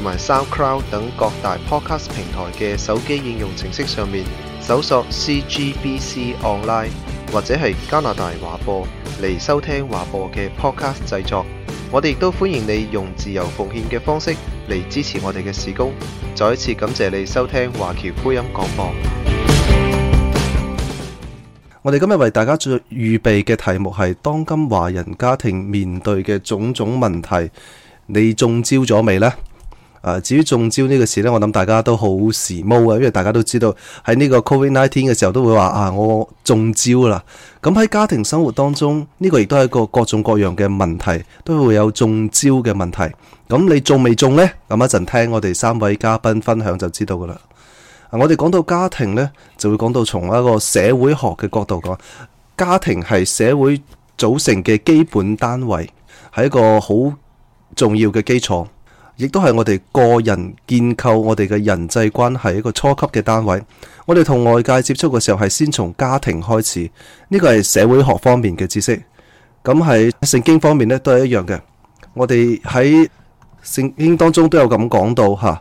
同埋 SoundCloud 等各大 podcast 平台嘅手機應用程式上面搜索 CGBC Online 或者係加拿大華播嚟，收聽華播嘅 podcast 製作。我哋亦都歡迎你用自由奉獻嘅方式嚟支持我哋嘅事工。再一次感謝你收聽華僑福音廣播。我哋今日為大家預備嘅題目係：當今華人家庭面對嘅種種問題，你中招咗未咧？啊！至於中招呢個事呢，我諗大家都好時髦啊，因為大家都知道喺呢個 Covid nineteen 嘅時候都會話啊，我中招啦。咁喺家庭生活當中，呢個亦都係一個各種各樣嘅問題，都會有中招嘅問題。咁你中未中呢？咁一陣聽我哋三位嘉賓分享就知道噶啦。我哋講到家庭呢，就會講到從一個社會學嘅角度講，家庭係社會組成嘅基本單位，係一個好重要嘅基礎。亦都係我哋個人建構我哋嘅人際關係一個初級嘅單位。我哋同外界接觸嘅時候係先從家庭開始，呢個係社會學方面嘅知識。咁係聖經方面呢，都係一樣嘅。我哋喺聖經當中都有咁講到吓。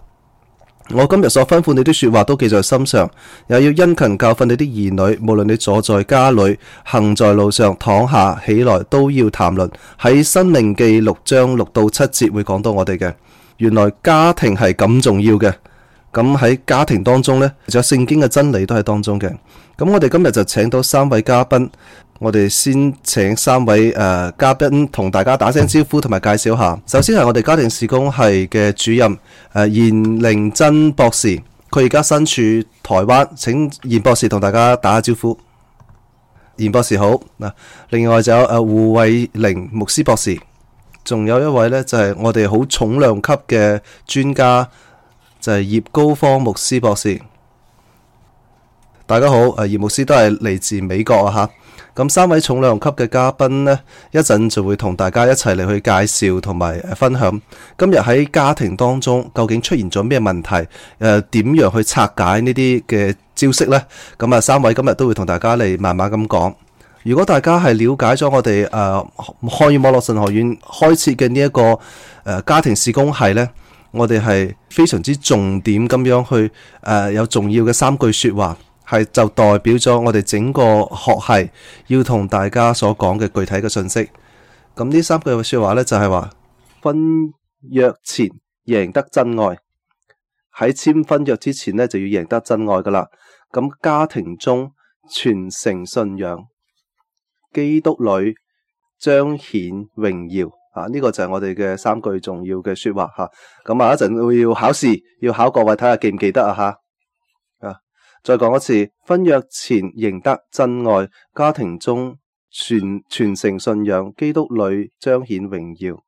我今日所吩咐你啲説話都記在心上，又要殷勤教訓你啲兒女，無論你坐在家裏、行在路上、躺下起來，都要談論。喺《申命記》六章六到七節會講到我哋嘅。原來家庭係咁重要嘅，咁喺家庭當中呢，仲有聖經嘅真理都喺當中嘅。咁我哋今日就請到三位嘉賓，我哋先請三位誒、呃、嘉賓同大家打聲招呼，同埋介紹下。首先係我哋家庭事工係嘅主任誒嚴靈真博士，佢而家身處台灣，請嚴博士同大家打下招呼。嚴博士好嗱，另外就有誒、呃、胡慧玲牧師博士。仲有一位呢，就係我哋好重量級嘅專家，就係葉高芳牧師博士。大家好，誒，葉牧師都係嚟自美國啊吓。咁三位重量級嘅嘉賓呢，一陣就會同大家一齊嚟去介紹同埋分享。今日喺家庭當中究竟出現咗咩問題？誒，點樣去拆解呢啲嘅招式呢？咁啊，三位今日都會同大家嚟慢慢咁講。如果大家係了解咗我哋誒漢語網絡神學院開設嘅呢一個誒、呃、家庭事工系咧，我哋係非常之重點咁樣去誒、呃、有重要嘅三句說話，係就代表咗我哋整個學系要同大家所講嘅具體嘅信息。咁呢三句話呢、就是、說話咧就係話婚約前贏得真愛，喺簽婚約之前咧就要贏得真愛噶啦。咁家庭中傳承信仰。基督女彰顯榮耀啊！呢、這個就係我哋嘅三句重要嘅說話吓。咁下一陣會要考試，要考各位睇下記唔記得啊吓啊！再講一次，婚約前贏得真愛，家庭中傳傳承信仰，基督女彰顯榮耀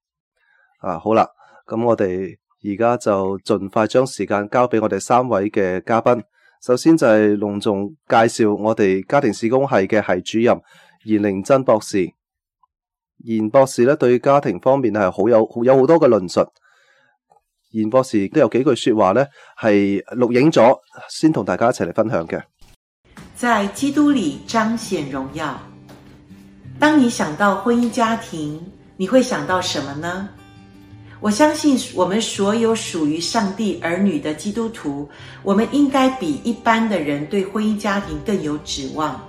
啊！好啦，咁、啊、我哋而家就盡快將時間交俾我哋三位嘅嘉賓。首先就係隆重介紹我哋家庭事工系嘅系主任，嚴靈真博士，嚴博士咧對家庭方面係好有好有好多嘅論述，嚴博士亦都有幾句說話咧係錄影咗，先同大家一齊嚟分享嘅。在基督裏彰顯榮耀，當你想到婚姻家庭，你會想到什麼呢？我相信我們所有屬於上帝兒女的基督徒，我們應該比一般的人對婚姻家庭更有指望。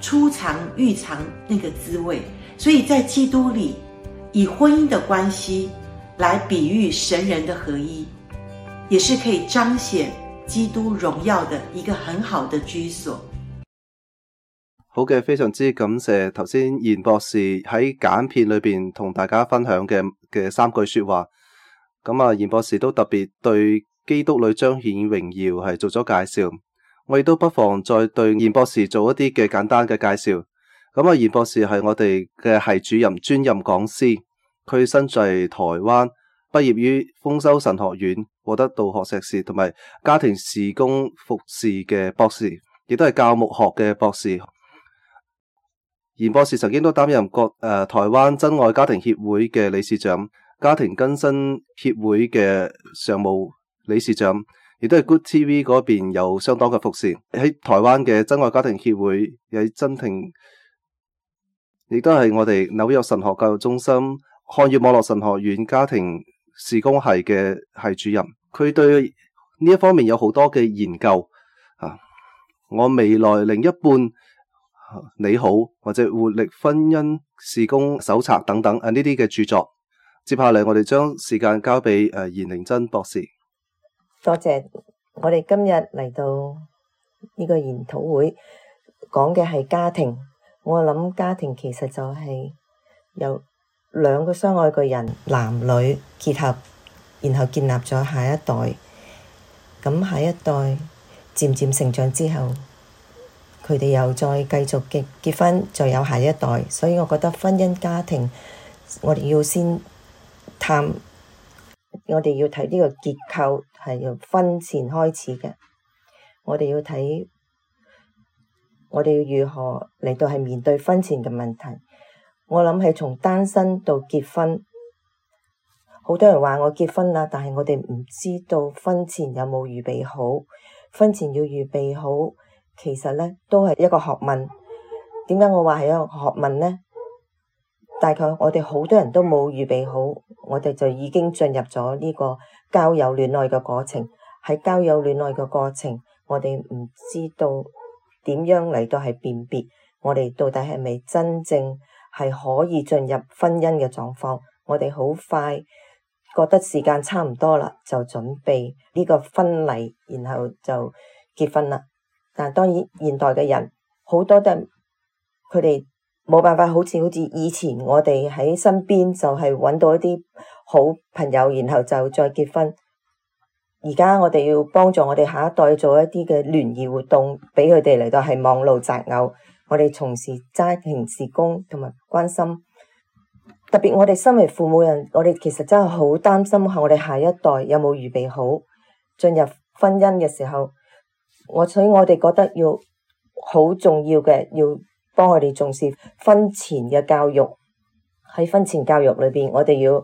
初藏欲藏那個滋味，所以在基督裡，以婚姻的關係來比喻神人的合一，也是可以彰顯基督榮耀的一個很好的居所。好嘅，非常之感謝頭先嚴博士喺簡片裡邊同大家分享嘅嘅三句說話，咁啊嚴博士都特別對基督裡彰顯榮耀係做咗介紹。我亦都不妨再對嚴博士做一啲嘅簡單嘅介紹。咁、嗯、啊，嚴博士係我哋嘅系主任專任講師，佢身在台灣，畢業於豐收神學院，獲得道學碩士同埋家庭事工服侍嘅博士，亦都係教牧學嘅博士。嚴博士曾經都擔任各誒、呃、台灣真愛家庭協會嘅理事長，家庭更新協會嘅常務理事長。亦都係 Good TV 嗰邊有相當嘅服侍。喺台灣嘅真愛家庭協會，喺真庭，亦都係我哋紐約神學教育中心漢語網絡神學院家庭事工系嘅系主任。佢對呢一方面有好多嘅研究啊！我未來另一半你好，或者活力婚姻事工手冊等等啊呢啲嘅著作。接下嚟，我哋將時間交俾誒嚴寧珍博士。多謝，我哋今日嚟到呢個研討會，講嘅係家庭。我諗家庭其實就係由兩個相愛嘅人，男女結合，然後建立咗下一代。咁下一代漸漸成長之後，佢哋又再繼續結結婚，再有下一代。所以我覺得婚姻家庭，我哋要先探，我哋要睇呢個結構。係由婚前開始嘅，我哋要睇，我哋要如何嚟到係面對婚前嘅問題。我諗係從單身到結婚，好多人話我結婚啦，但係我哋唔知道婚前有冇預備好。婚前要預備好，其實呢都係一個學問。點解我話係一個學問呢？大概我哋好多人都冇預備好，我哋就已經進入咗呢、這個。交友戀愛嘅過程，喺交友戀愛嘅過程，我哋唔知道點樣嚟到係辨別我哋到底係咪真正係可以進入婚姻嘅狀況。我哋好快覺得時間差唔多啦，就準備呢個婚禮，然後就結婚啦。但當然現代嘅人好多都係佢哋冇辦法，好似好似以前我哋喺身邊就係揾到一啲。好朋友，然後就再結婚。而家我哋要幫助我哋下一代做一啲嘅聯誼活動，俾佢哋嚟到係網路擇偶。我哋從事家庭事工同埋關心，特別我哋身為父母人，我哋其實真係好擔心，嚇我哋下一代有冇預備好進入婚姻嘅時候。我所以我哋覺得要好重要嘅，要幫佢哋重視婚前嘅教育。喺婚前教育裏邊，我哋要。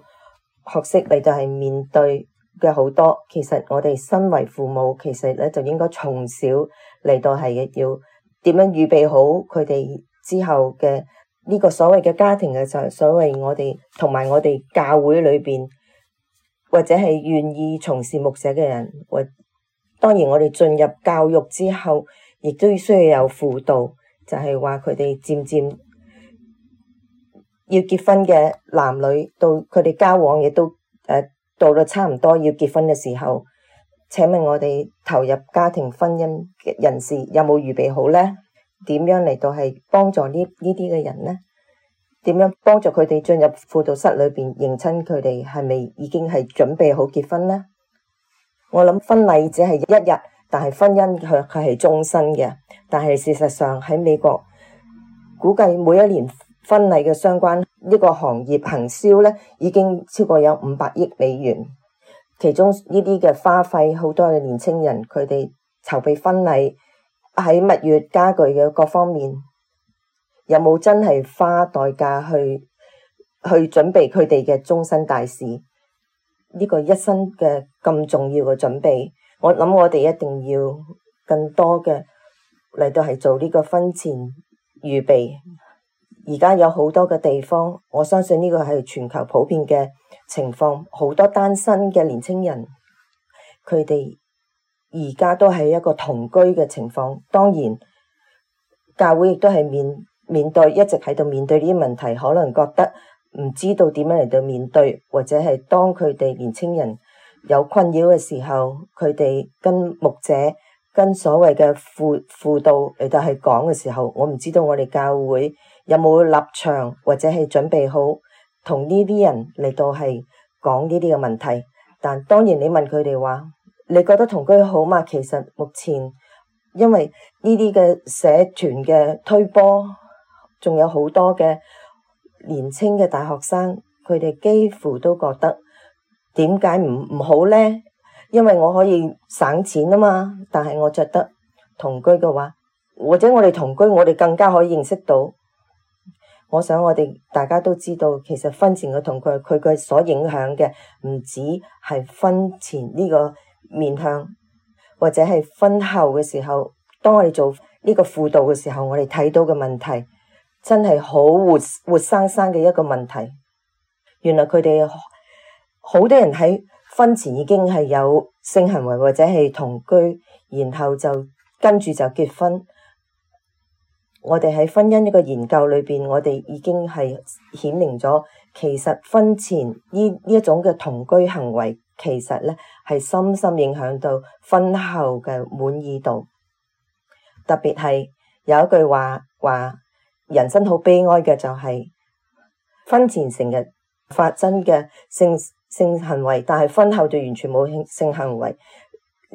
學識嚟到係面對嘅好多，其實我哋身為父母，其實咧就應該從小嚟到係要點樣預備好佢哋之後嘅呢個所謂嘅家庭嘅就係所謂我哋同埋我哋教會裏邊，或者係願意從事牧舍嘅人，或當然我哋進入教育之後，亦都需要有輔導，就係話佢哋漸漸。要結婚嘅男女到佢哋交往亦都誒、呃、到咗差唔多要結婚嘅時候，請問我哋投入家庭婚姻嘅人士有冇預備好呢？點樣嚟到係幫助呢呢啲嘅人呢？點樣幫助佢哋進入輔導室裏邊認親？佢哋係咪已經係準備好結婚呢？我諗婚禮只係一日，但係婚姻卻係終身嘅。但係事實上喺美國估計每一年。婚禮嘅相關呢個行業行銷咧，已經超過有五百億美元。其中呢啲嘅花費，好多嘅年青人，佢哋籌備婚禮喺蜜月、家具嘅各方面，有冇真係花代價去去準備佢哋嘅終身大事？呢個一生嘅咁重要嘅準備，我諗我哋一定要更多嘅嚟到係做呢個婚前預備。而家有好多嘅地方，我相信呢個係全球普遍嘅情況，好多單身嘅年青人，佢哋而家都係一個同居嘅情況，當然，教會亦都係面面對一直喺度面對呢啲問題，可能覺得唔知道點樣嚟到面對，或者係當佢哋年青人有困擾嘅時候，佢哋跟牧者、跟所謂嘅輔輔導嚟到係講嘅時候，我唔知道我哋教會。有冇立場或者係準備好同呢啲人嚟到係講呢啲嘅問題？但當然你問佢哋話，你覺得同居好嘛？其實目前因為呢啲嘅社團嘅推波，仲有好多嘅年輕嘅大學生，佢哋幾乎都覺得點解唔唔好呢？因為我可以省錢啊嘛，但係我著得同居嘅話，或者我哋同居，我哋更加可以認識到。我想我哋大家都知道，其實婚前嘅同居，佢嘅所影響嘅唔止係婚前呢個面向，或者係婚後嘅時候，當我哋做呢個輔導嘅時候，我哋睇到嘅問題，真係好活活生生嘅一個問題，原來佢哋好多人喺婚前已經係有性行為或者係同居，然後就跟住就結婚。我哋喺婚姻一個研究裏邊，我哋已經係顯明咗，其實婚前呢呢一種嘅同居行為，其實咧係深深影響到婚後嘅滿意度。特別係有一句話話：人生好悲哀嘅就係、是、婚前成日發生嘅性性行為，但係婚後就完全冇性性行為。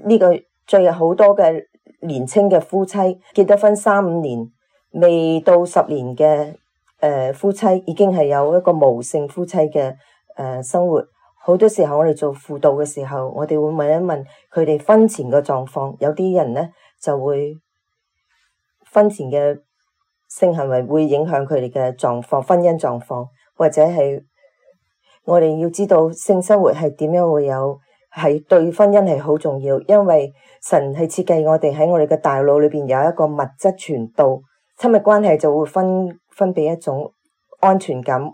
呢、這個最有好多嘅年輕嘅夫妻結得婚三五年。未到十年嘅誒、呃、夫妻，已經係有一個無性夫妻嘅誒、呃、生活。好多時候、時候，我哋做輔導嘅時候，我哋會問一問佢哋婚前嘅狀況。有啲人咧就會婚前嘅性行為會影響佢哋嘅狀況，婚姻狀況或者係我哋要知道性生活係點樣會有係對婚姻係好重要，因為神係設計我哋喺我哋嘅大腦裏邊有一個物質傳導。親密關係就會分分俾一種安全感，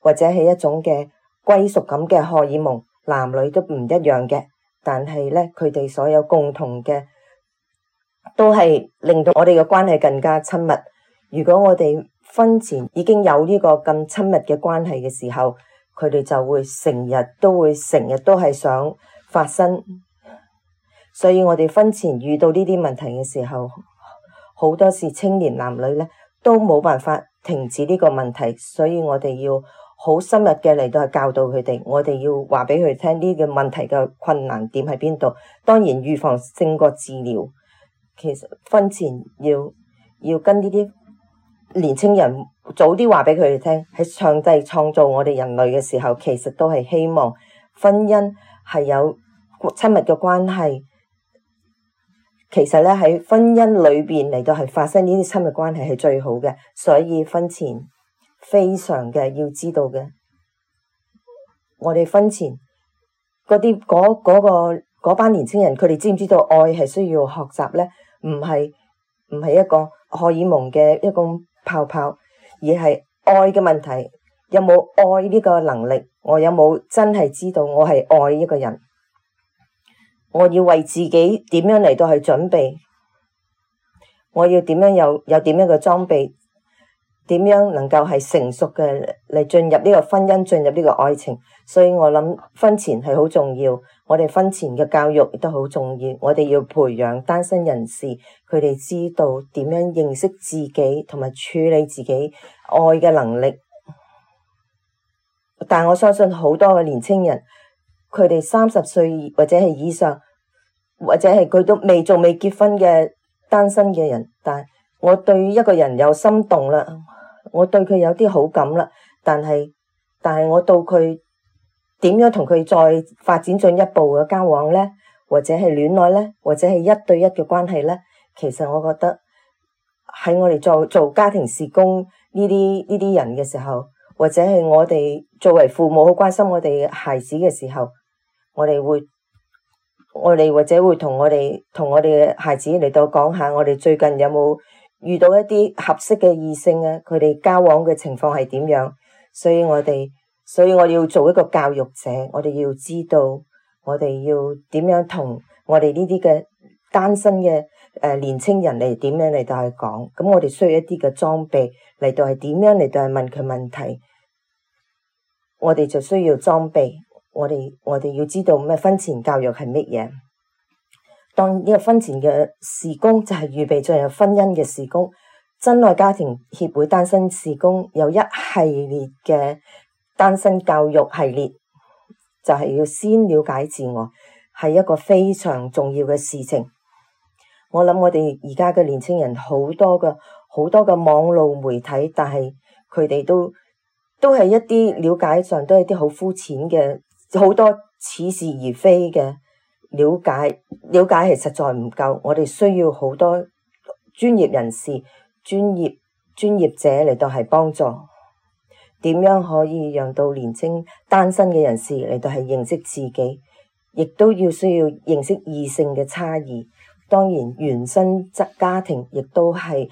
或者係一種嘅歸屬感嘅荷爾蒙，男女都唔一樣嘅。但係呢，佢哋所有共同嘅都係令到我哋嘅關係更加親密。如果我哋婚前已經有呢個咁親密嘅關係嘅時候，佢哋就會成日都會成日都係想發生。所以我哋婚前遇到呢啲問題嘅時候，好多時青年男女咧，都冇辦法停止呢個問題，所以我哋要好深入嘅嚟到去教導佢哋，我哋要話俾佢聽呢個問題嘅困難點喺邊度。當然預防勝過治療，其實婚前要要跟呢啲年青人早啲話俾佢哋聽，喺上帝創造我哋人類嘅時候，其實都係希望婚姻係有親密嘅關係。其實咧喺婚姻裏邊嚟到係發生呢啲親密關係係最好嘅，所以婚前非常嘅要知道嘅。我哋婚前嗰啲嗰班年青人，佢哋知唔知道愛係需要學習咧？唔係唔係一個荷爾蒙嘅一個泡泡，而係愛嘅問題，有冇愛呢個能力？我有冇真係知道我係愛一個人？我要為自己點樣嚟到去準備？我要點樣有有點樣嘅裝備？點樣能夠係成熟嘅嚟進入呢個婚姻、進入呢個愛情？所以我諗婚前係好重要，我哋婚前嘅教育亦都好重要。我哋要培養單身人士，佢哋知道點樣認識自己同埋處理自己愛嘅能力。但我相信好多嘅年青人。佢哋三十歲或者係以上，或者係佢都未仲未結婚嘅單身嘅人，但係我對一個人有心動啦，我對佢有啲好感啦，但係但係我到佢點樣同佢再發展進一步嘅交往呢？或者係戀愛呢？或者係一對一嘅關係呢？其實我覺得喺我哋做做家庭事工呢啲呢啲人嘅時候，或者係我哋作為父母好關心我哋孩子嘅時候。我哋會，我哋或者會同我哋同我哋嘅孩子嚟到講下，我哋最近有冇遇到一啲合適嘅異性啊？佢哋交往嘅情況係點樣？所以我哋，所以我要做一個教育者，我哋要知道，我哋要點樣同我哋呢啲嘅單身嘅誒年青人嚟點樣嚟到去講？咁我哋需要一啲嘅裝備嚟到係點樣嚟到係問佢問題？我哋就需要裝備。我哋我哋要知道咩婚前教育係乜嘢？當一個婚前嘅事工，就係預備進入婚姻嘅事工。真愛家庭協會單身事工有一系列嘅單身教育系列，就係、是、要先了解自我，係一個非常重要嘅事情。我諗我哋而家嘅年青人好多嘅好多嘅網絡媒體，但係佢哋都都係一啲了解上都係啲好膚淺嘅。好多似是而非嘅了解，了解係實在唔夠。我哋需要好多專業人士、專業專業者嚟到係幫助。點樣可以讓到年青單身嘅人士嚟到係認識自己，亦都要需要認識異性嘅差異。當然，原生則家庭亦都係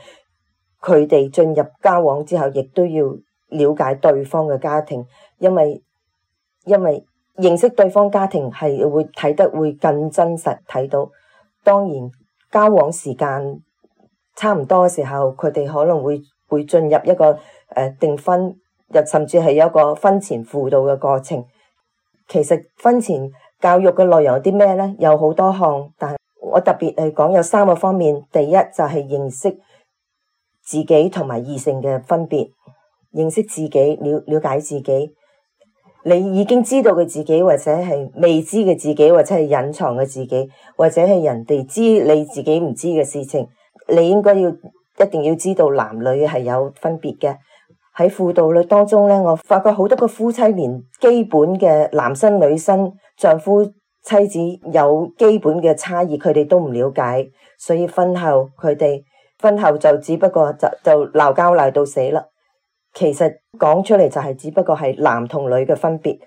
佢哋進入交往之後，亦都要了解對方嘅家庭，因為因為。認識對方家庭係會睇得會更真實，睇到當然交往時間差唔多嘅時候，佢哋可能會會進入一個誒訂婚，又、呃、甚至係一個婚前輔導嘅過程。其實婚前教育嘅內容有啲咩呢？有好多項，但係我特別係講有三個方面。第一就係認識自己同埋異性嘅分別，認識自己了了解自己。你已經知道嘅自己，或者係未知嘅自己，或者係隱藏嘅自己，或者係人哋知你自己唔知嘅事情，你應該要一定要知道男女係有分別嘅。喺輔導率當中咧，我發覺好多個夫妻連基本嘅男生女生、丈夫妻子有基本嘅差異，佢哋都唔了解，所以婚後佢哋婚後就只不過就就鬧交鬧到死啦。其實講出嚟就係只不過係男同女嘅分別。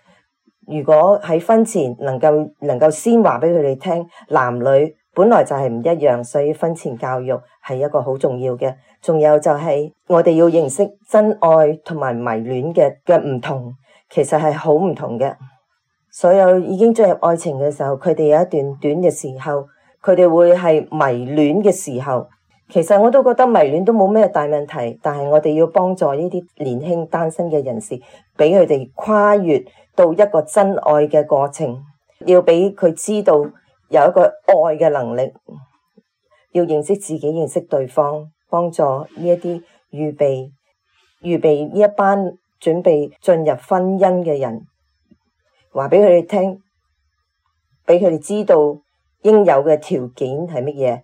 如果喺婚前能夠能夠先話俾佢哋聽，男女本來就係唔一樣，所以婚前教育係一個好重要嘅。仲有就係我哋要認識真愛同埋迷戀嘅嘅唔同，其實係好唔同嘅。所有已經進入愛情嘅時候，佢哋有一段短嘅時候，佢哋會係迷戀嘅時候。其實我都覺得迷戀都冇咩大問題，但係我哋要幫助呢啲年輕單身嘅人士，俾佢哋跨越到一個真愛嘅過程，要俾佢知道有一個愛嘅能力，要認識自己、認識對方，幫助呢一啲預備、預備呢一班準備進入婚姻嘅人，話俾佢哋聽，俾佢哋知道應有嘅條件係乜嘢。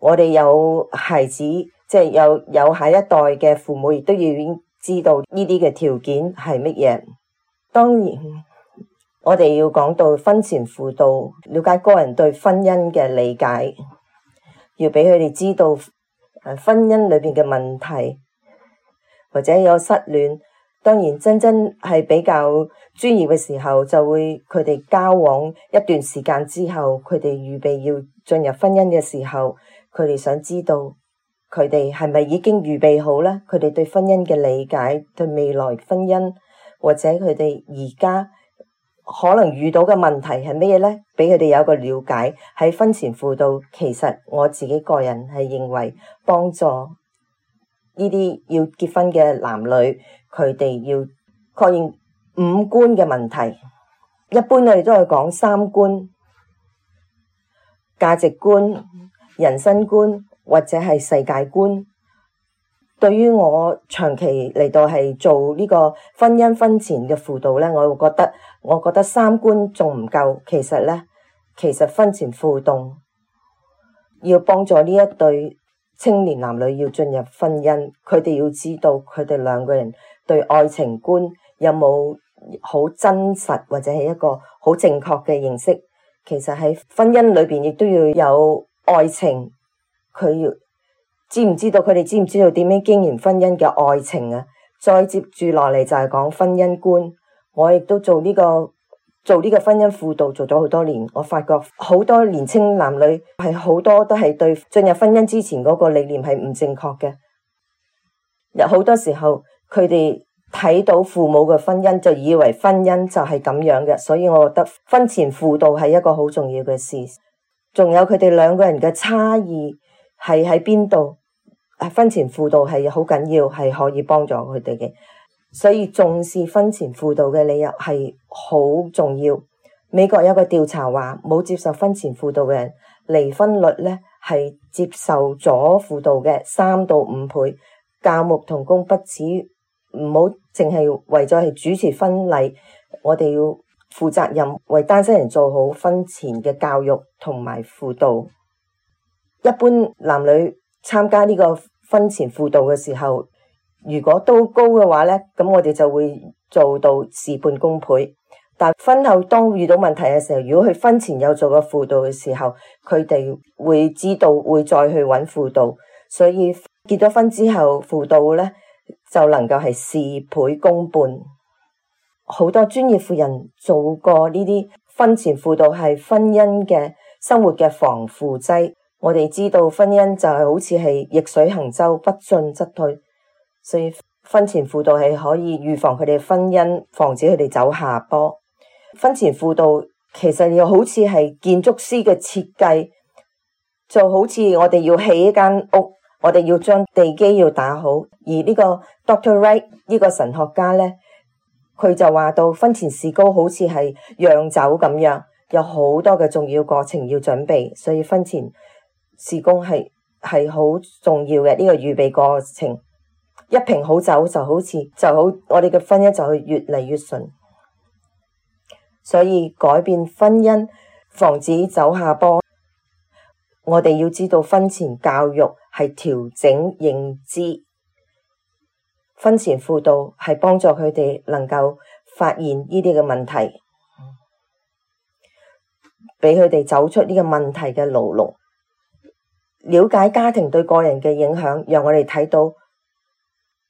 我哋有孩子，即係有有下一代嘅父母，亦都要知道呢啲嘅條件係乜嘢。當然，我哋要講到婚前輔導，了解個人對婚姻嘅理解，要俾佢哋知道婚姻裏邊嘅問題，或者有失戀。當然，真真係比較專業嘅時候，就會佢哋交往一段時間之後，佢哋預備要進入婚姻嘅時候。佢哋想知道佢哋係咪已經預備好咧？佢哋對婚姻嘅理解，對未來婚姻或者佢哋而家可能遇到嘅問題係咩嘢咧？俾佢哋有一個了解喺婚前輔導。其實我自己個人係認為幫助呢啲要結婚嘅男女，佢哋要確認五官嘅問題。一般我哋都係講三觀，價值觀。人生觀或者係世界觀，對於我長期嚟到係做呢個婚姻婚前嘅輔導咧，我會覺得，我覺得三觀仲唔夠。其實咧，其實婚前輔導要幫助呢一對青年男女要進入婚姻，佢哋要知道佢哋兩個人對愛情觀有冇好真實或者係一個好正確嘅認識。其實喺婚姻裏邊亦都要有。愛情佢要知唔知道？佢哋知唔知道點樣經營婚姻嘅愛情啊？再接住落嚟就係講婚姻觀。我亦都做呢個做呢個婚姻輔導，做咗好多年。我發覺好多年青男女係好多都係對進入婚姻之前嗰個理念係唔正確嘅。有好多時候佢哋睇到父母嘅婚姻就以為婚姻就係咁樣嘅，所以我覺得婚前輔導係一個好重要嘅事。仲有佢哋兩個人嘅差異係喺邊度？啊，婚前輔導係好緊要，係可以幫助佢哋嘅，所以重視婚前輔導嘅理由係好重要。美國有個調查話，冇接受婚前輔導嘅人離婚率咧，係接受咗輔導嘅三到五倍。教牧同工不止，唔好淨係為咗係主持婚禮，我哋要。負責任為單身人做好婚前嘅教育同埋輔導。一般男女參加呢個婚前輔導嘅時候，如果都高嘅話咧，咁我哋就會做到事半功倍。但婚後當遇到問題嘅時候，如果佢婚前有做過輔導嘅時候，佢哋會知道會再去揾輔導，所以結咗婚之後輔導咧就能夠係事倍功半。好多專業婦人做過呢啲婚前輔導，係婚姻嘅生活嘅防腐劑。我哋知道婚姻就係好似係逆水行舟，不進則退，所以婚前輔導係可以預防佢哋婚姻，防止佢哋走下坡。婚前輔導其實又好似係建築師嘅設計，就好似我哋要起一間屋，我哋要將地基要打好，而呢個 Doctor Wright 呢個神學家呢。佢就話到婚前試高好似係釀酒咁樣，有好多嘅重要過程要準備，所以婚前試工係係好重要嘅呢個預備過程。一瓶好酒就好似就好，我哋嘅婚姻就會越嚟越順。所以改變婚姻，防止走下坡，我哋要知道婚前教育係調整認知。婚前輔導係幫助佢哋能夠發現呢啲嘅問題，俾佢哋走出呢個問題嘅牢籠，了解家庭對個人嘅影響，讓我哋睇到，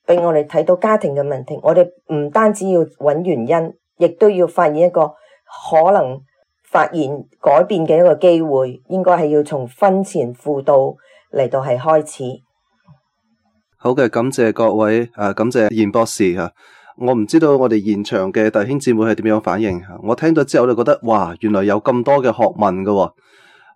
畀我哋睇到家庭嘅問題。我哋唔單止要揾原因，亦都要發現一個可能發現改變嘅一個機會。應該係要從婚前輔導嚟到係開始。好嘅，感謝各位，啊，感謝嚴博士吓、啊。我唔知道我哋現場嘅弟兄姊妹係點樣反應。我聽到之後就覺得，哇，原來有咁多嘅學問噶、哦。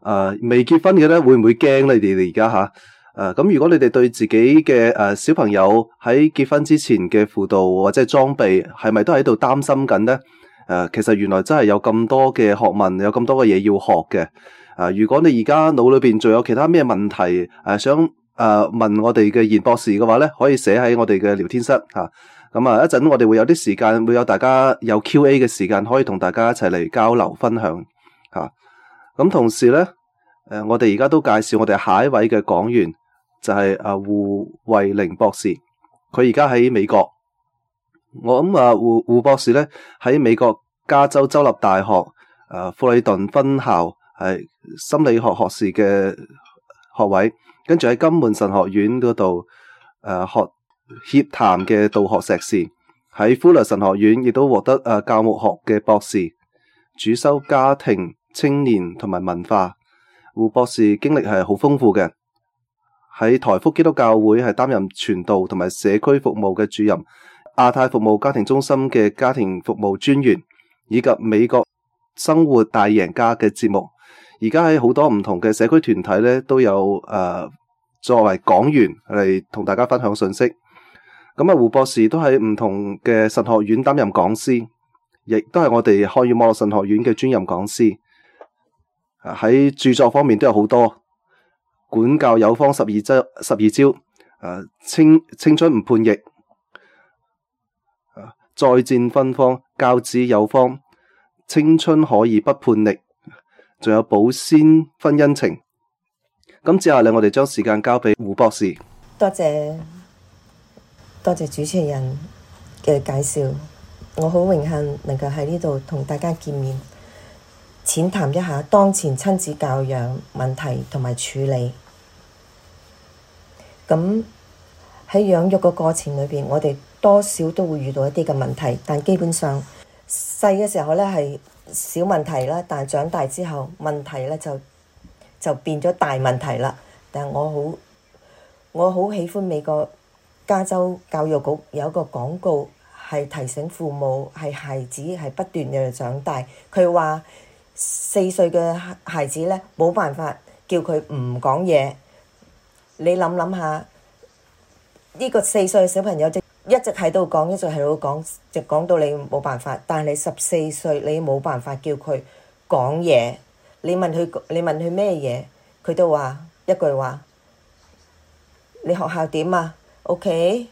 誒、啊，未結婚嘅咧，會唔會驚你哋而家吓？誒、啊，咁如果你哋對自己嘅誒、啊、小朋友喺結婚之前嘅輔導或者係裝備，係咪都喺度擔心緊咧？誒，其實原來真係有咁多嘅學問，有咁多嘅嘢要學嘅。誒、啊，如果你而家腦裏邊仲有其他咩問題，誒、啊、想。誒、啊，問我哋嘅嚴博士嘅話咧，可以寫喺我哋嘅聊天室吓。咁啊，一、啊、陣我哋會有啲時間，會有大家有 Q&A 嘅時間，可以同大家一齊嚟，交流分享吓。咁、啊啊、同時咧，誒、啊，我哋而家都介紹我哋下一位嘅講員，就係、是、阿、啊、胡慧玲博士。佢而家喺美國，我諗啊胡胡博士咧喺美國加州州立大學誒富里頓分校係心理學學士嘅。學位，跟住喺金門神學院嗰度，誒、啊、學協談嘅道學碩士，喺富勒神學院亦都獲得誒、啊、教牧學嘅博士，主修家庭、青年同埋文化。胡博士經歷係好豐富嘅，喺台福基督教會係擔任傳道同埋社區服務嘅主任，亞太服務家庭中心嘅家庭服務專員，以及美國生活大贏家嘅節目。而家喺好多唔同嘅社區團體咧，都有誒、呃、作為講員嚟同大家分享信息。咁、嗯、啊，胡博士都喺唔同嘅神學院擔任講師，亦都係我哋漢語網絡神學院嘅專任講師。喺、啊、著作方面都有好多，管教有方十二招，十二招誒、啊、青青春唔叛逆，再戰芬芳教子有方，青春可以不叛逆。仲有保鮮婚姻情，咁接下嚟，我哋將時間交俾胡博士。多謝多謝主持人嘅介紹，我好榮幸能夠喺呢度同大家見面，淺談一下當前親子教養問題同埋處理。咁喺養育嘅過程裏邊，我哋多少都會遇到一啲嘅問題，但基本上細嘅時候咧係。小問題啦，但係長大之後問題咧就就變咗大問題啦。但係我好我好喜歡美國加州教育局有一個廣告，係提醒父母係孩子係不斷嘅長大。佢話四歲嘅孩子咧冇辦法叫佢唔講嘢。你諗諗下，呢個四歲嘅小朋友一直喺度講，一直喺度講，就講到你冇辦法。但係你十四歲，你冇辦法叫佢講嘢。你問佢，你問佢咩嘢，佢都話一句話。你學校點啊？O.K.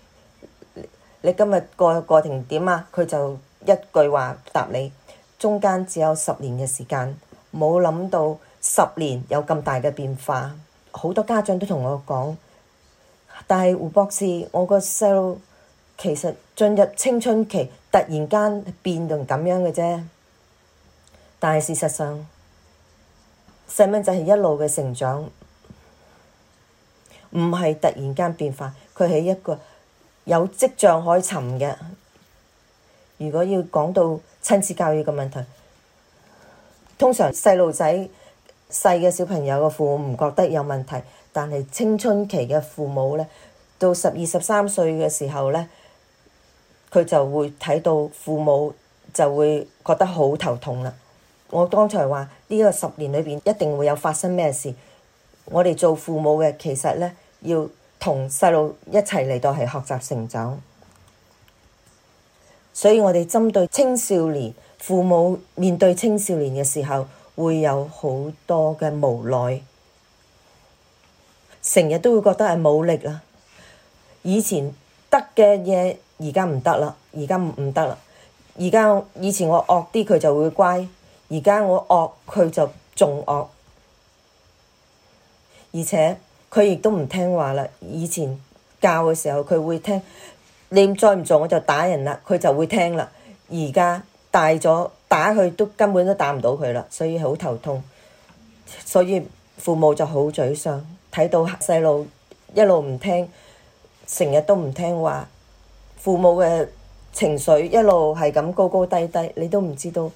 你今日過過程點啊？佢就一句話答你。中間只有十年嘅時間，冇諗到十年有咁大嘅變化。好多家長都同我講，但係胡博士，我個細路。其實進入青春期，突然間變到咁樣嘅啫。但係事實上，細蚊仔係一路嘅成長，唔係突然間變化。佢係一個有跡象可尋嘅。如果要講到親子教育嘅問題，通常細路仔細嘅小朋友嘅父母唔覺得有問題，但係青春期嘅父母咧，到十二十三歲嘅時候咧。佢就會睇到父母，就會覺得好頭痛啦。我剛才話呢個十年裏邊一定會有發生咩事。我哋做父母嘅其實咧，要同細路一齊嚟到係學習成長，所以我哋針對青少年父母，面對青少年嘅時候，會有好多嘅無奈，成日都會覺得係冇力啦。以前得嘅嘢。而家唔得啦！而家唔得啦！而家以前我惡啲，佢就會乖；而家我惡，佢就仲惡，而且佢亦都唔聽話啦。以前教嘅時候，佢會聽，你再唔做我就打人啦，佢就會聽啦。而家大咗，打佢都根本都打唔到佢啦，所以好頭痛。所以父母就好沮喪，睇到細路一路唔聽，成日都唔聽話。父母嘅情緒一路係咁高高低低，你都唔知道。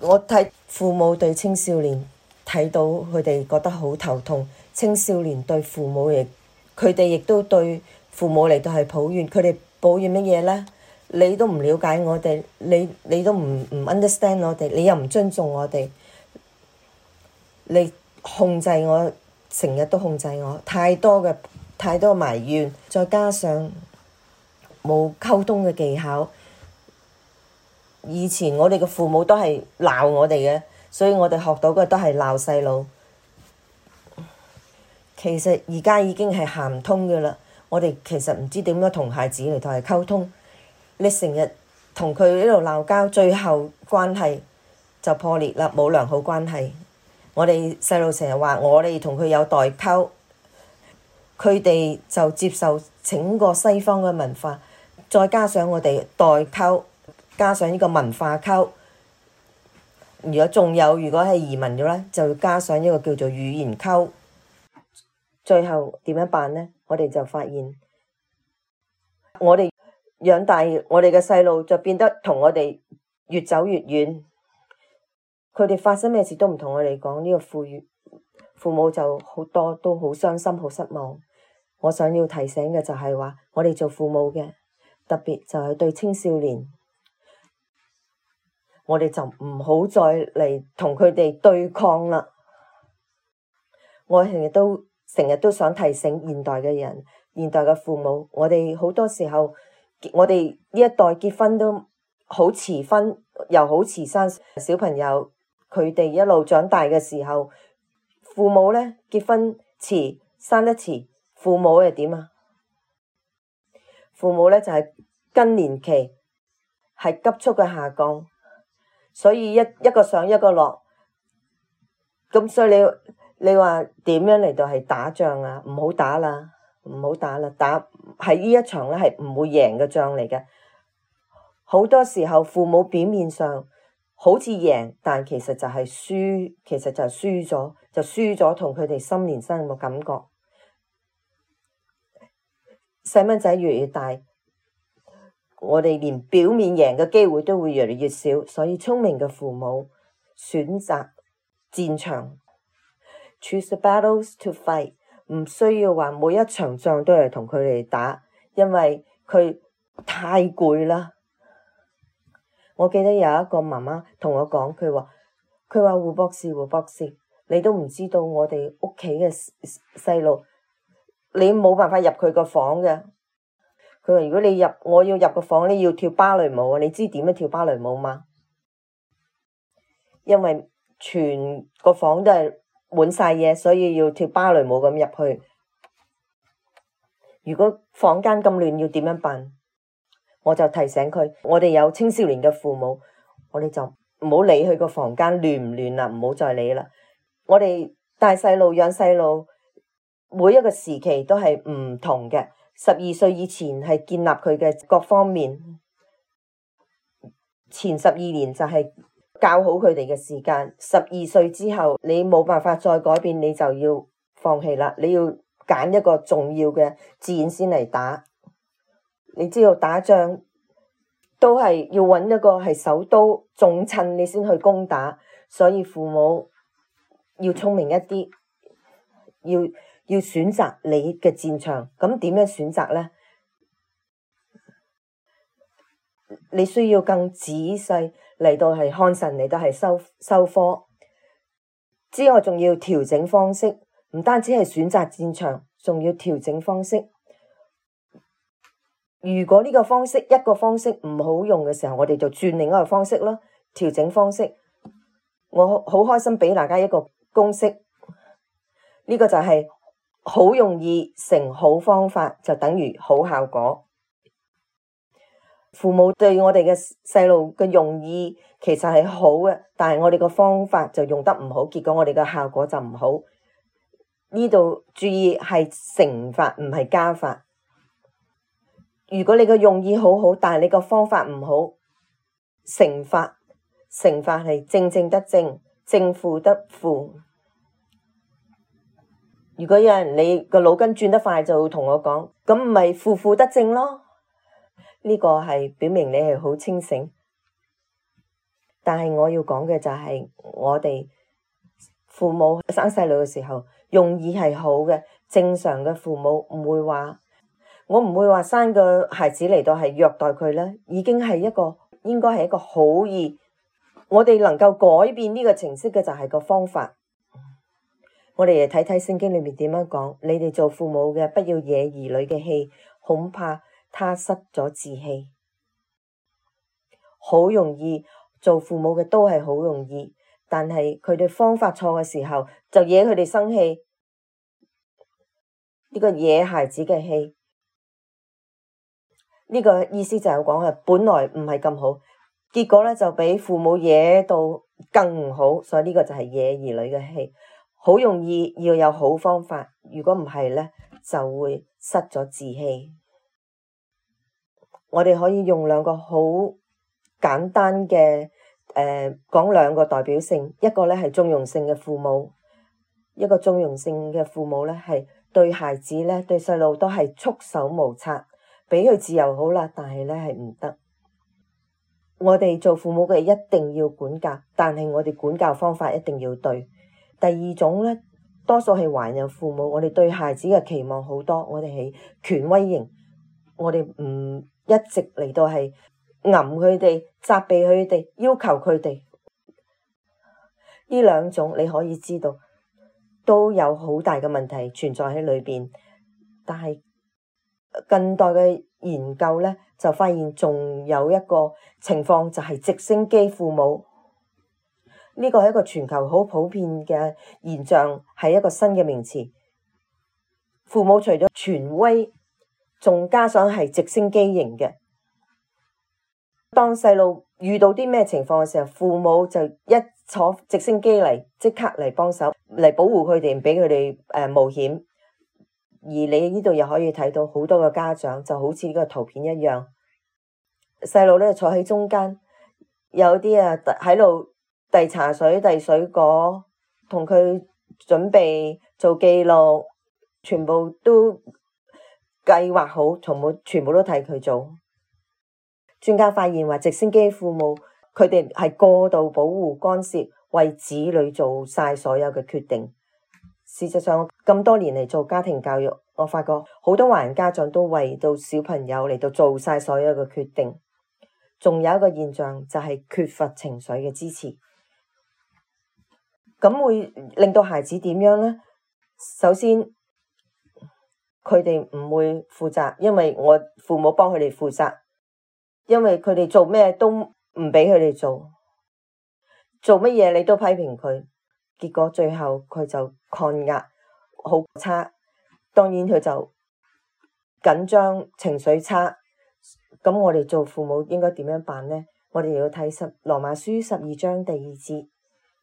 我睇父母對青少年睇到佢哋覺得好頭痛，青少年對父母亦，佢哋亦都對父母嚟到係抱怨，佢哋抱怨乜嘢咧？你都唔了解我哋，你你都唔唔 understand 我哋，你又唔尊重我哋，你控制我，成日都控制我，太多嘅太多埋怨，再加上。冇溝通嘅技巧。以前我哋嘅父母都係鬧我哋嘅，所以我哋學到嘅都係鬧細路。其實而家已經係行唔通嘅啦。我哋其實唔知點樣同孩子嚟同佢溝通。你成日同佢喺度鬧交，最後關係就破裂啦，冇良好關係。我哋細路成日話我哋同佢有代溝，佢哋就接受整個西方嘅文化。再加上我哋代溝，加上呢個文化溝，如果仲有，如果係移民咗咧，就加上呢個叫做語言溝。最後點樣辦咧？我哋就發現，我哋養大我哋嘅細路，就變得同我哋越走越遠。佢哋發生咩事都唔同我哋講，呢個父母就好多都好傷心、好失望。我想要提醒嘅就係話，我哋做父母嘅。特別就係對青少年，我哋就唔好再嚟同佢哋對抗啦。我成日都成日都想提醒現代嘅人，現代嘅父母，我哋好多時候，我哋呢一代結婚都好遲婚，又好遲生小朋友。佢哋一路長大嘅時候，父母呢，結婚遲，生得遲，父母又點啊？父母咧就係、是、更年期係急速嘅下降，所以一一個上一個落，咁所以你你話點樣嚟到係打仗啊？唔好打啦，唔好打啦，打係呢一場咧係唔會贏嘅仗嚟嘅。好多時候父母表面上好似贏，但其實就係輸，其實就輸咗，就輸咗同佢哋心連心嘅感覺。細蚊仔越嚟越大，我哋連表面贏嘅機會都會越嚟越少，所以聰明嘅父母選擇戰場，Choose the battles to fight，唔需要話每一場仗都係同佢哋打，因為佢太攰啦。我記得有一個媽媽同我講，佢話，佢話胡博士胡博士，你都唔知道我哋屋企嘅細路。你冇辦法入佢個房嘅。佢話，如果你入我要入個房咧，你要跳芭蕾舞啊！你知點樣跳芭蕾舞嘛？因為全個房都係滿晒嘢，所以要跳芭蕾舞咁入去。如果房間咁亂，要點樣辦？我就提醒佢，我哋有青少年嘅父母，我哋就唔好理佢個房間亂唔亂啦，唔好再理啦。我哋帶細路養細路。每一個時期都係唔同嘅，十二歲以前係建立佢嘅各方面，前十二年就係教好佢哋嘅時間。十二歲之後你冇辦法再改變，你就要放棄啦。你要揀一個重要嘅戰先嚟打。你知道打仗都係要揾一個係首都重鎮，你先去攻打。所以父母要聰明一啲，要。要選擇你嘅戰場，咁點樣選擇呢？你需要更仔細嚟到係看神，嚟到係收收科之外，仲要調整方式。唔單止係選擇戰場，仲要調整方式。如果呢個方式一個方式唔好用嘅時候，我哋就轉另外個方式咯。調整方式，我好開心俾大家一個公式，呢個就係。好容易成好方法，就等於好效果。父母對我哋嘅細路嘅用意其實係好嘅，但係我哋個方法就用得唔好，結果我哋嘅效果就唔好。呢度注意係乘法，唔係加法。如果你嘅用意好好，但係你個方法唔好，乘法，乘法係正正得正，正負得負。如果有人你個腦筋轉得快，就會同我講，咁咪富富得正負負得正咯？呢、這個係表明你係好清醒。但係我要講嘅就係、是、我哋父母生細路嘅時候，用意係好嘅。正常嘅父母唔會話，我唔會話生個孩子嚟到係虐待佢啦。已經係一個應該係一個好意。我哋能夠改變呢個程式嘅就係個方法。我哋嚟睇睇聖經裏面點樣講，你哋做父母嘅不要惹兒女嘅氣，恐怕他失咗志氣，好容易做父母嘅都係好容易，但係佢哋方法錯嘅時候就惹佢哋生氣，呢個惹孩子嘅氣，呢個意思就係講係本來唔係咁好，結果咧就俾父母惹到更唔好，所以呢個就係惹兒女嘅氣。好容易要有好方法，如果唔係呢，就會失咗志氣。我哋可以用兩個好簡單嘅，誒、呃，講兩個代表性，一個呢係縱容性嘅父母，一個縱容性嘅父母呢係對孩子呢對細路都係束手無策，俾佢自由好啦，但係呢係唔得。我哋做父母嘅一定要管教，但係我哋管教方法一定要對。第二種咧，多數係懷孕父母，我哋對孩子嘅期望好多，我哋係權威型，我哋唔一直嚟到係吟佢哋、責備佢哋、要求佢哋。呢兩種你可以知道都有好大嘅問題存在喺裏邊，但係近代嘅研究咧就發現仲有一個情況就係、是、直升機父母。呢個係一個全球好普遍嘅現象，係一個新嘅名詞。父母除咗權威，仲加上係直升機型嘅。當細路遇到啲咩情況嘅時候，父母就一坐直升機嚟，即刻嚟幫手，嚟保護佢哋，唔俾佢哋誒冒險。而你呢度又可以睇到好多嘅家長，就好似呢個圖片一樣，細路咧坐喺中間，有啲啊喺度。遞茶水、遞水果，同佢準備做記錄，全部都計劃好，全部全部都替佢做。專家發現話，直升機父母，佢哋係過度保護、干涉，為子女做晒所有嘅決定。事實上，咁多年嚟做家庭教育，我發覺好多華人家長都為到小朋友嚟到做晒所有嘅決定。仲有一個現象就係缺乏情緒嘅支持。咁會令到孩子點樣呢？首先佢哋唔會負責，因為我父母幫佢哋負責，因為佢哋做咩都唔俾佢哋做，做乜嘢你都批評佢，結果最後佢就抗壓，好差。當然佢就緊張、情緒差。咁我哋做父母應該點樣辦呢？我哋要睇十羅馬書十二章第二節。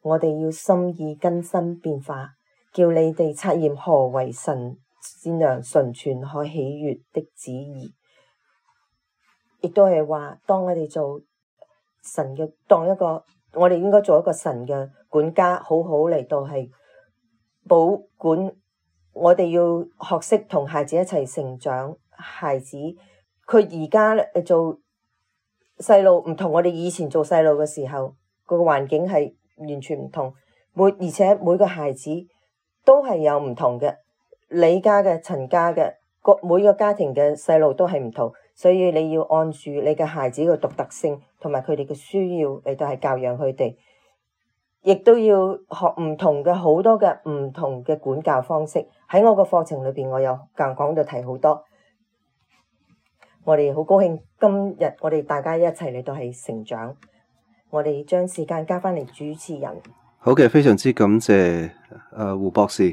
我哋要心意更新變化，叫你哋察驗何為神善良、純全、可喜悅的旨意，亦都係話當我哋做神嘅，當一個，我哋應該做一個神嘅管家，好好嚟到係保管。我哋要學識同孩子一齊成長。孩子佢而家做細路唔同我哋以前做細路嘅時候，個環境係。完全唔同，每而且每個孩子都係有唔同嘅，李家嘅、陳家嘅，各每個家庭嘅細路都係唔同，所以你要按住你嘅孩子嘅獨特性同埋佢哋嘅需要嚟到係教養佢哋，亦都要學唔同嘅好多嘅唔同嘅管教方式。喺我個課程裏邊，我有更講到提好多。我哋好高興，今日我哋大家一齊嚟到係成長。我哋將時間交翻嚟，主持人。好嘅，非常之感謝、呃、胡博士。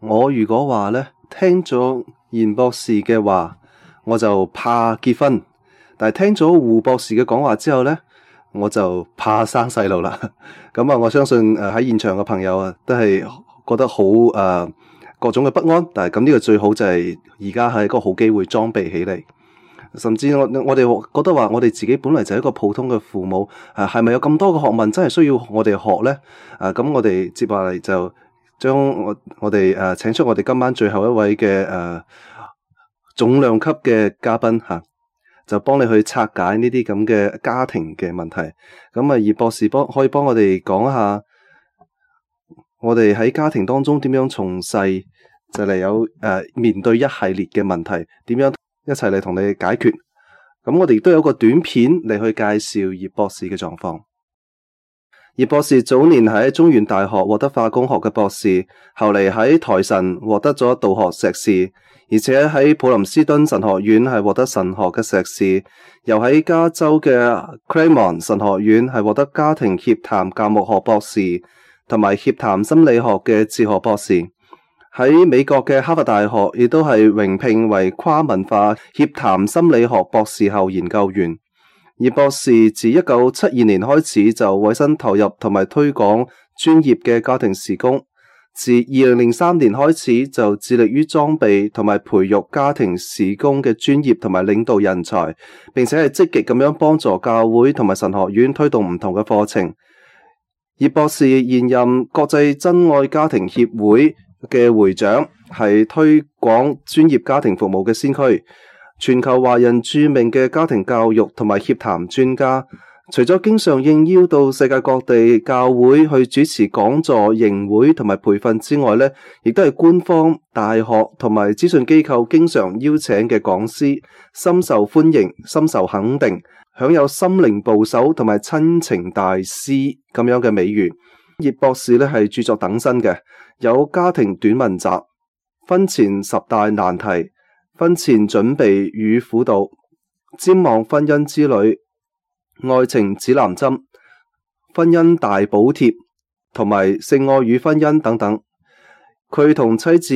我如果話呢，聽咗嚴博士嘅話，我就怕結婚；但係聽咗胡博士嘅講話之後呢，我就怕生細路啦。咁 啊、嗯，我相信誒喺、呃、現場嘅朋友啊，都係覺得好誒、呃、各種嘅不安。但係咁呢個最好就係而家係一個好機會，裝備起嚟。甚至我我哋覺得話，我哋自己本來就係一個普通嘅父母，誒、啊，係咪有咁多嘅學問真係需要我哋學咧？誒、啊，咁我哋接下嚟就將我我哋誒請出我哋今晚最後一位嘅誒、啊、重量級嘅嘉賓吓、啊，就幫你去拆解呢啲咁嘅家庭嘅問題。咁啊，葉博士幫可以幫我哋講一下，我哋喺家庭當中點樣從細就嚟有誒、啊、面對一系列嘅問題，點樣？一齊嚟同你解決，咁我哋亦都有個短片嚟去介紹葉博士嘅狀況。葉博士早年喺中原大學獲得化工學嘅博士，後嚟喺台神獲得咗道學碩士，而且喺普林斯頓神學院係獲得神學嘅碩士，又喺加州嘅 Claremont 神學院係獲得家庭協談教牧學博士，同埋協談心理學嘅哲學博士。喺美國嘅哈佛大學，亦都係榮聘為跨文化協談心理學博士後研究員。葉博士自一九七二年開始就委身投入同埋推廣專業嘅家庭事工，自二零零三年開始就致力於裝備同埋培育家庭事工嘅專業同埋領導人才，並且係積極咁樣幫助教會同埋神學院推動唔同嘅課程。葉博士現任國際珍愛家庭協會嘅會長係推廣專業家庭服務嘅先驅，全球華人著名嘅家庭教育同埋協談專家。除咗經常應邀到世界各地教會去主持講座、營會同埋培訓之外呢，呢亦都係官方大學同埋資訊機構經常邀請嘅講師，深受歡迎、深受肯定，享有心靈捕手同埋親情大師咁樣嘅美譽。葉博士咧係著作等身嘅，有《家庭短文集》、《婚前十大難題》、《婚前準備與輔導》、《瞻望婚姻之旅》、《愛情指南針》、《婚姻大補貼》同埋《性愛與婚姻》等等。佢同妻子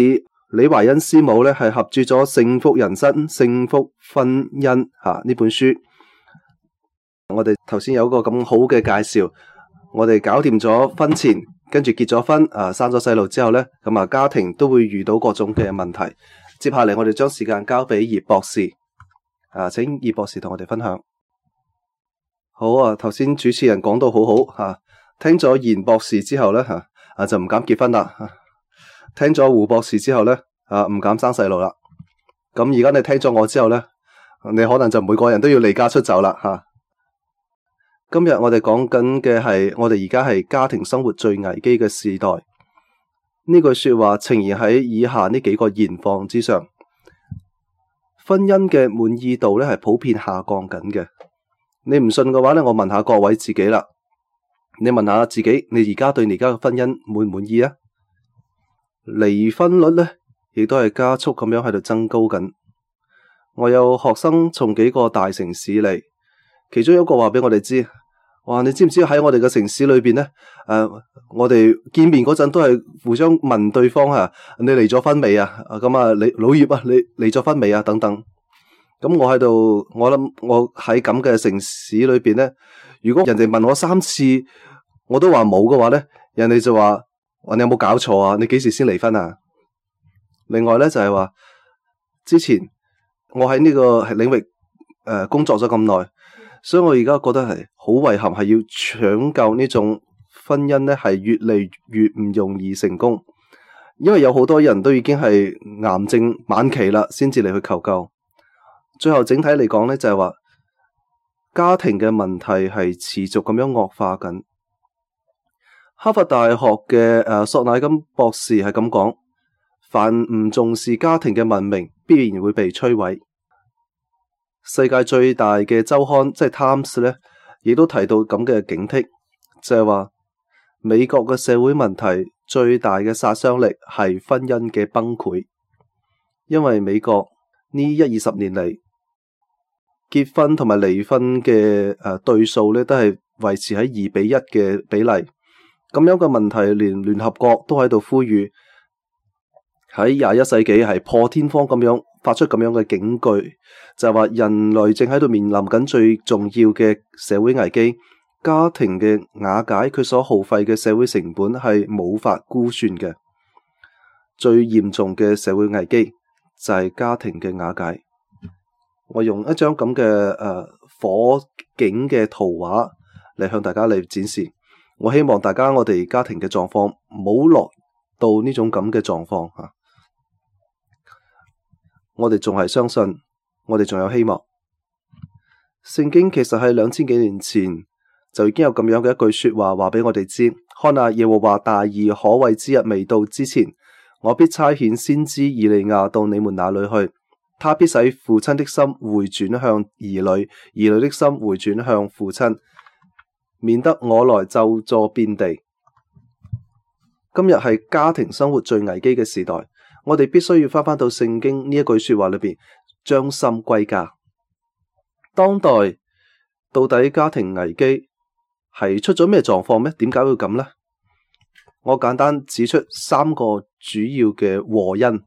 李懷恩師母咧係合著咗《幸福人生》、《幸福婚姻》吓呢本書。我哋頭先有個咁好嘅介紹。我哋搞掂咗婚前，跟住結咗婚，啊生咗細路之後呢，咁啊家庭都會遇到各種嘅問題。接下嚟我哋將時間交俾葉博士，啊請葉博士同我哋分享。好啊，頭先主持人講到好好吓，啊，聽咗嚴博士之後呢，吓，啊，啊就唔敢結婚啦，啊。聽咗胡博士之後呢，啊唔敢生細路啦。咁而家你聽咗我之後呢，你可能就每個人都要離家出走啦吓。啊今日我哋講緊嘅係我哋而家係家庭生活最危機嘅時代，呢句說話呈現喺以下呢幾個現況之上：婚姻嘅滿意度呢係普遍下降緊嘅。你唔信嘅話呢，我問下各位自己啦。你問下自己，你而家對你而家嘅婚姻滿唔滿意啊？離婚率呢亦都係加速咁樣喺度增高緊。我有學生從幾個大城市嚟，其中一個話俾我哋知。哇！你知唔知喺我哋嘅城市裏邊咧？誒、啊，我哋見面嗰陣都係互相問對方吓，你離咗婚未啊？咁啊，你啊啊老葉啊，你離咗婚未啊？等等。咁我喺度，我諗我喺咁嘅城市裏邊咧，如果人哋問我三次，我都話冇嘅話咧，人哋就話，話、啊、你有冇搞錯啊？你幾時先離婚啊？另外咧就係、是、話，之前我喺呢個領域誒工作咗咁耐。所以我而家覺得係好遺憾，係要搶救呢種婚姻呢係越嚟越唔容易成功，因為有好多人都已經係癌症晚期啦，先至嚟去求救。最後整體嚟講呢就係、是、話家庭嘅問題係持續咁樣惡化緊。哈佛大學嘅誒、呃、索乃金博士係咁講：凡唔重視家庭嘅文明，必然會被摧毀。世界最大嘅周刊即係《Times》咧，亦都提到咁嘅警惕，就係話美國嘅社會問題最大嘅殺傷力係婚姻嘅崩潰，因為美國呢一二十年嚟結婚同埋離婚嘅誒對數咧，都係維持喺二比一嘅比例，咁樣嘅問題連聯合國都喺度呼籲喺廿一世紀係破天荒咁樣。發出咁樣嘅警句，就係話人類正喺度面臨緊最重要嘅社會危機，家庭嘅瓦解，佢所耗費嘅社會成本係冇法估算嘅。最嚴重嘅社會危機就係家庭嘅瓦解。我用一張咁嘅誒火警嘅圖畫嚟向大家嚟展示。我希望大家我哋家庭嘅狀況唔好落到呢種咁嘅狀況吓。我哋仲係相信，我哋仲有希望。聖經其實喺兩千幾年前就已經有咁樣嘅一句說話，話俾我哋知：看哪耶和華大而可畏之日未到之前，我必差遣先知以利亞到你們那裏去，他必使父親的心回轉向兒女，兒女的心回轉向父親，免得我來咒詛遍地。今日係家庭生活最危機嘅時代。我哋必須要翻返到聖經呢一句說話裏邊，將心歸家。當代到底家庭危機係出咗咩狀況咩？點解會咁呢？我簡單指出三個主要嘅禍因。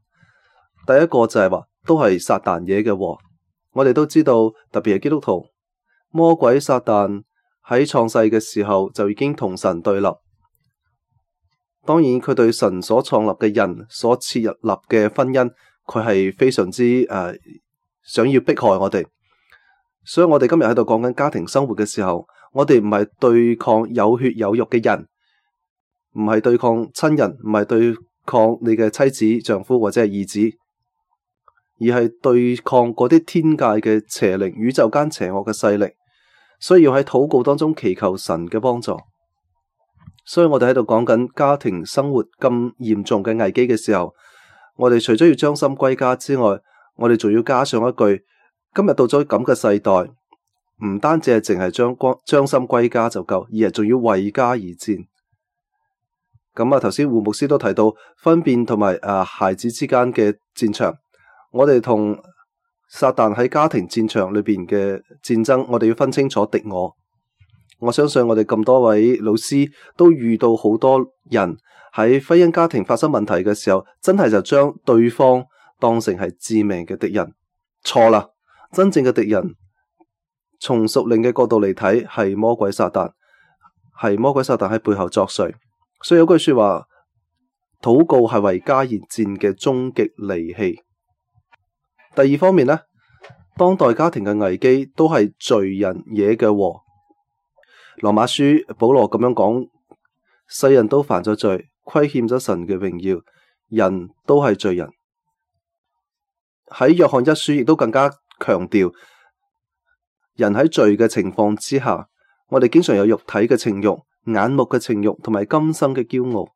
第一個就係話，都係撒旦惹嘅禍。我哋都知道，特別係基督徒，魔鬼撒旦喺創世嘅時候就已經同神對立。當然，佢對神所創立嘅人所設立嘅婚姻，佢係非常之誒、呃、想要迫害我哋。所以我哋今日喺度講緊家庭生活嘅時候，我哋唔係對抗有血有肉嘅人，唔係對抗親人，唔係對抗你嘅妻子、丈夫或者係兒子，而係對抗嗰啲天界嘅邪靈、宇宙間邪惡嘅勢力。所以要喺禱告當中祈求神嘅幫助。所以我哋喺度講緊家庭生活咁嚴重嘅危機嘅時候，我哋除咗要將心歸家之外，我哋仲要加上一句：今日到咗咁嘅世代，唔單止係淨係將光將心歸家就夠，而係仲要為家而戰。咁啊，頭先胡牧師都提到分辨同埋誒孩子之間嘅戰場，我哋同撒旦喺家庭戰場裏邊嘅戰爭，我哋要分清楚敵我。我相信我哋咁多位老師都遇到好多人喺婚姻家庭發生問題嘅時候，真係就將對方當成係致命嘅敵人，錯啦！真正嘅敵人，從屬靈嘅角度嚟睇，係魔鬼撒旦，係魔鬼撒旦喺背後作祟。所以有句說話，禱告係為家而戰嘅終極利器。第二方面呢，當代家庭嘅危機都係罪人惹嘅禍。羅馬書保羅咁樣講，世人都犯咗罪，虧欠咗神嘅榮耀，人都係罪人。喺約翰一書亦都更加強調，人喺罪嘅情況之下，我哋經常有肉體嘅情欲、眼目嘅情欲同埋今生嘅驕傲，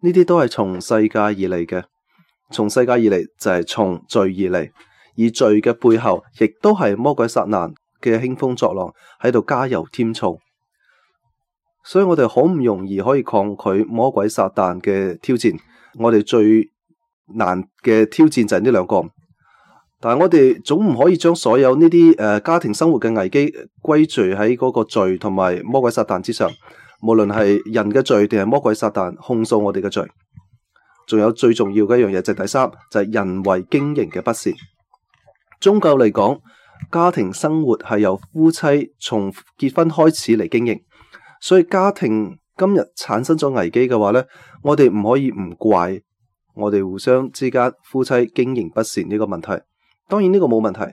呢啲都係從世界而嚟嘅，從世界而嚟就係從罪而嚟，而罪嘅背後亦都係魔鬼撒但嘅興風作浪，喺度加油添醋。所以我哋好唔容易可以抗拒魔鬼撒旦嘅挑戰。我哋最難嘅挑戰就係呢兩個，但係我哋總唔可以將所有呢啲誒家庭生活嘅危機歸罪喺嗰個罪同埋魔鬼撒旦之上。無論係人嘅罪定係魔鬼撒旦控訴我哋嘅罪，仲有最重要嘅一樣嘢就係第三就係、是、人為經營嘅不善。終究嚟講，家庭生活係由夫妻從結婚開始嚟經營。所以家庭今日產生咗危機嘅話咧，我哋唔可以唔怪我哋互相之間夫妻經營不善呢個問題。當然呢個冇問題，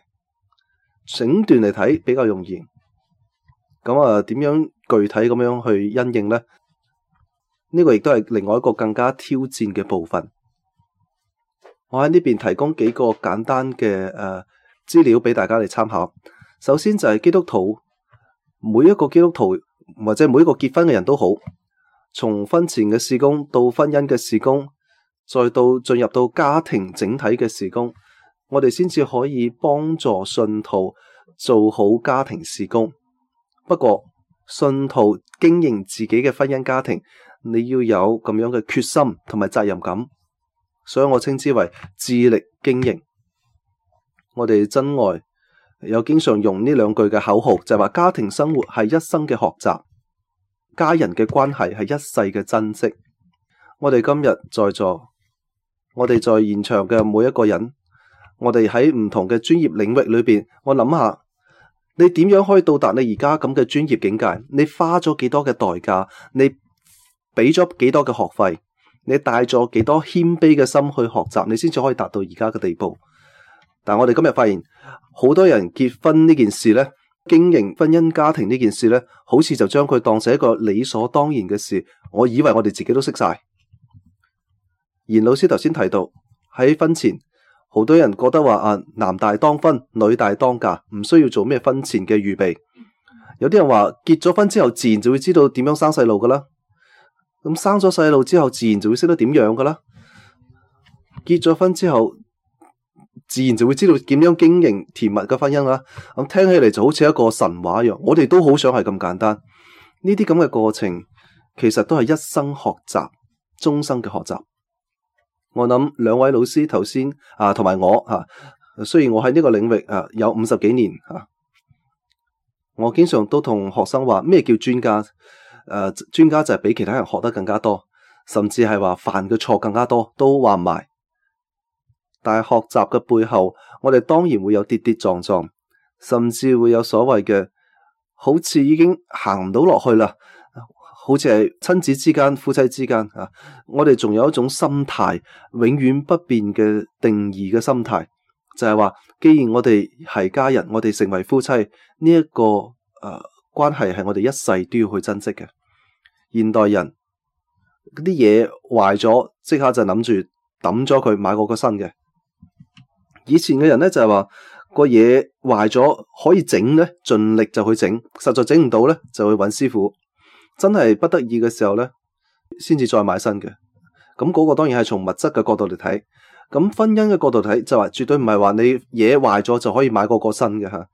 整段嚟睇，比較容易。咁啊，點樣具體咁樣去因應咧？呢個亦都係另外一個更加挑戰嘅部分。我喺呢邊提供幾個簡單嘅誒、呃、資料俾大家嚟參考。首先就係基督徒，每一個基督徒。或者每一個結婚嘅人都好，從婚前嘅事工到婚姻嘅事工，再到進入到家庭整體嘅事工，我哋先至可以幫助信徒做好家庭事工。不過，信徒經營自己嘅婚姻家庭，你要有咁樣嘅決心同埋責任感，所以我稱之為智力經營。我哋真愛。有經常用呢兩句嘅口號，就係話家庭生活係一生嘅學習，家人嘅關係係一世嘅珍惜。我哋今日在座，我哋在現場嘅每一個人，我哋喺唔同嘅專業領域裏邊，我諗下你點樣可以到達你而家咁嘅專業境界？你花咗幾多嘅代價？你俾咗幾多嘅學費？你帶咗幾多謙卑嘅心去學習？你先至可以達到而家嘅地步？但我哋今日發現，好多人結婚呢件事呢，經營婚姻家庭呢件事呢，好似就將佢當成一個理所當然嘅事。我以為我哋自己都識晒。嚴老師頭先提到，喺婚前，好多人覺得話啊，男大當婚，女大當嫁，唔需要做咩婚前嘅預備。有啲人話結咗婚之後，自然就會知道點樣生細路㗎啦。咁生咗細路之後，自然就會識得點養㗎啦。結咗婚之後，自然就會知道點樣經營甜蜜嘅婚姻啦。咁、嗯、聽起嚟，就好似一個神話一樣，我哋都好想係咁簡單。呢啲咁嘅過程，其實都係一生學習、終生嘅學習。我諗兩位老師頭先啊，同埋我吓、啊，雖然我喺呢個領域啊有五十幾年吓、啊，我經常都同學生話，咩叫專家？誒、啊，專家就係比其他人學得更加多，甚至係話犯嘅錯更加多，都話唔埋。但係學習嘅背後，我哋當然會有跌跌撞撞，甚至會有所謂嘅，好似已經行唔到落去啦。好似係親子之間、夫妻之間啊，我哋仲有一種心態，永遠不變嘅定義嘅心態，就係話，既然我哋係家人，我哋成為夫妻呢一個誒關係，係我哋一世都要去珍惜嘅。現代人啲嘢壞咗，即刻就諗住抌咗佢，買過個新嘅。以前嘅人咧就係、是、話個嘢壞咗可以整咧，盡力就去整，實在整唔到咧就去揾師傅。真係不得已嘅時候咧，先至再買新嘅。咁、那、嗰個當然係從物質嘅角度嚟睇。咁婚姻嘅角度睇就話絕對唔係話你嘢壞咗就可以買過個，個新嘅吓。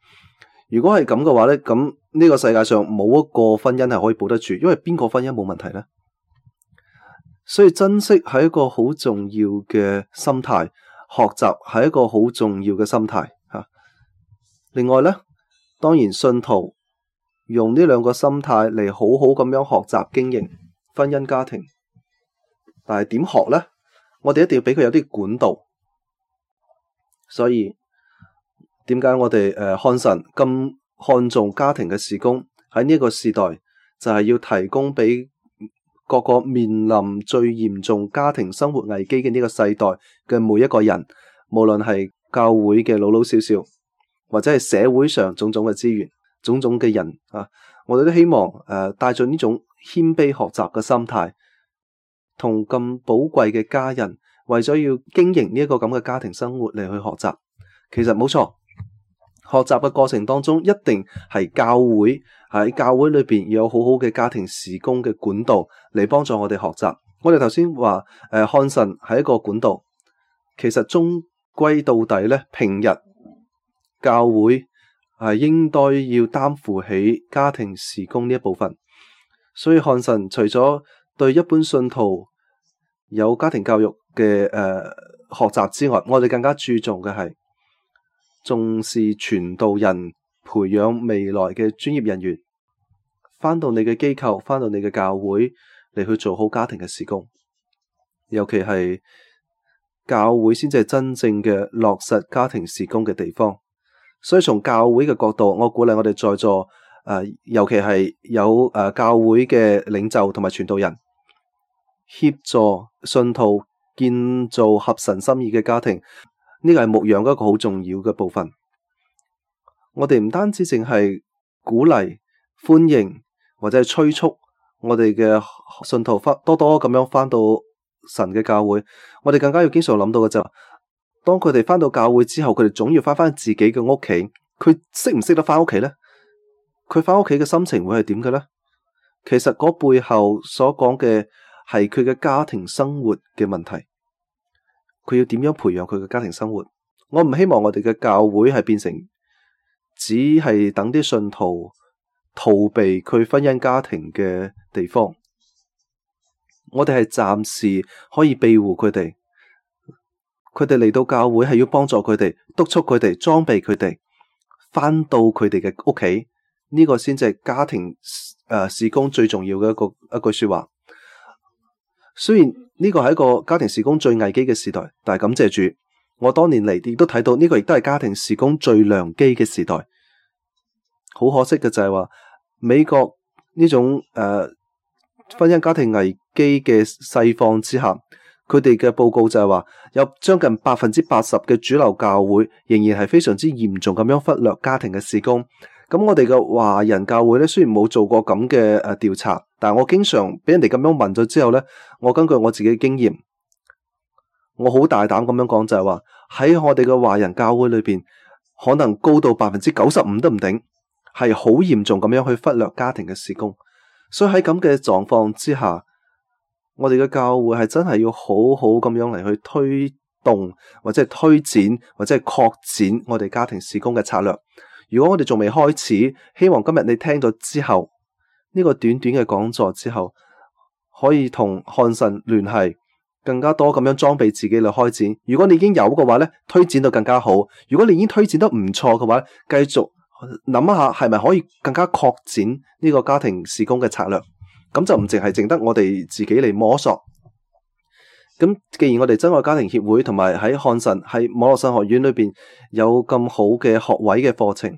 如果係咁嘅話咧，咁呢個世界上冇一個婚姻係可以保得住，因為邊個婚姻冇問題咧？所以珍惜係一個好重要嘅心態。學習係一個好重要嘅心態吓、啊，另外呢，當然信徒用呢兩個心態嚟好好咁樣學習經營婚姻家庭，但係點學呢？我哋一定要俾佢有啲管道，所以點解我哋誒、呃、漢神咁看重家庭嘅事工？喺呢一個時代，就係要提供俾。各個面臨最嚴重家庭生活危機嘅呢個世代嘅每一個人，無論係教會嘅老老少少，或者係社會上種種嘅資源、種種嘅人啊，我哋都希望誒，帶住呢種謙卑學習嘅心態，同咁寶貴嘅家人為咗要經營呢一個咁嘅家庭生活嚟去學習，其實冇錯。學習嘅過程當中，一定係教會喺教會裏邊有好好嘅家庭事工嘅管道嚟幫助我哋學習。我哋頭先話誒，漢、呃、神係一個管道，其實終歸到底呢，平日教會係應該要擔負起家庭事工呢一部分。所以漢神除咗對一般信徒有家庭教育嘅誒、呃、學習之外，我哋更加注重嘅係。重視傳道人，培養未來嘅專業人員，返到你嘅機構，返到你嘅教會，嚟去做好家庭嘅事工。尤其係教會先至係真正嘅落實家庭事工嘅地方。所以從教會嘅角度，我鼓勵我哋在座，誒，尤其係有誒教會嘅領袖同埋傳道人，協助信徒建造合神心意嘅家庭。呢個係牧養一個好重要嘅部分。我哋唔單止淨係鼓勵、歡迎或者係催促我哋嘅信徒翻多多咁樣翻到神嘅教會，我哋更加要經常諗到嘅就係，當佢哋翻到教會之後，佢哋總要翻翻自己嘅屋企。佢識唔識得翻屋企呢？佢翻屋企嘅心情會係點嘅呢？其實嗰背後所講嘅係佢嘅家庭生活嘅問題。佢要點樣培養佢嘅家庭生活？我唔希望我哋嘅教會係變成只係等啲信徒逃避佢婚姻家庭嘅地方。我哋係暫時可以庇護佢哋，佢哋嚟到教會係要幫助佢哋、督促佢哋、裝備佢哋，返到佢哋嘅屋企，呢、這個先至係家庭誒、呃、事工最重要嘅一個一句說話。雖然呢個係一個家庭事工最危機嘅時代，但係感謝主，我多年嚟亦都睇到呢個亦都係家庭事工最良機嘅時代。好可惜嘅就係話，美國呢種誒、呃、婚姻家庭危機嘅實況之下，佢哋嘅報告就係話有將近百分之八十嘅主流教會仍然係非常之嚴重咁樣忽略家庭嘅事工。咁我哋嘅華人教會咧，雖然冇做過咁嘅誒調查，但係我經常俾人哋咁樣問咗之後咧，我根據我自己嘅經驗，我好大膽咁樣講就係話，喺我哋嘅華人教會裏邊，可能高到百分之九十五都唔頂，係好嚴重咁樣去忽略家庭嘅事工。所以喺咁嘅狀況之下，我哋嘅教會係真係要好好咁樣嚟去推動，或者係推展，或者係擴展我哋家庭事工嘅策略。如果我哋仲未開始，希望今日你聽咗之後，呢個短短嘅講座之後，可以同漢神聯繫，更加多咁樣裝備自己嚟開展。如果你已經有嘅話呢，推展到更加好；如果你已經推展得唔錯嘅話，繼續諗一下係咪可以更加擴展呢個家庭事工嘅策略。咁就唔淨係淨得我哋自己嚟摸索。咁既然我哋珍愛家庭協會同埋喺漢神喺網絡神學院裏邊有咁好嘅學位嘅課程，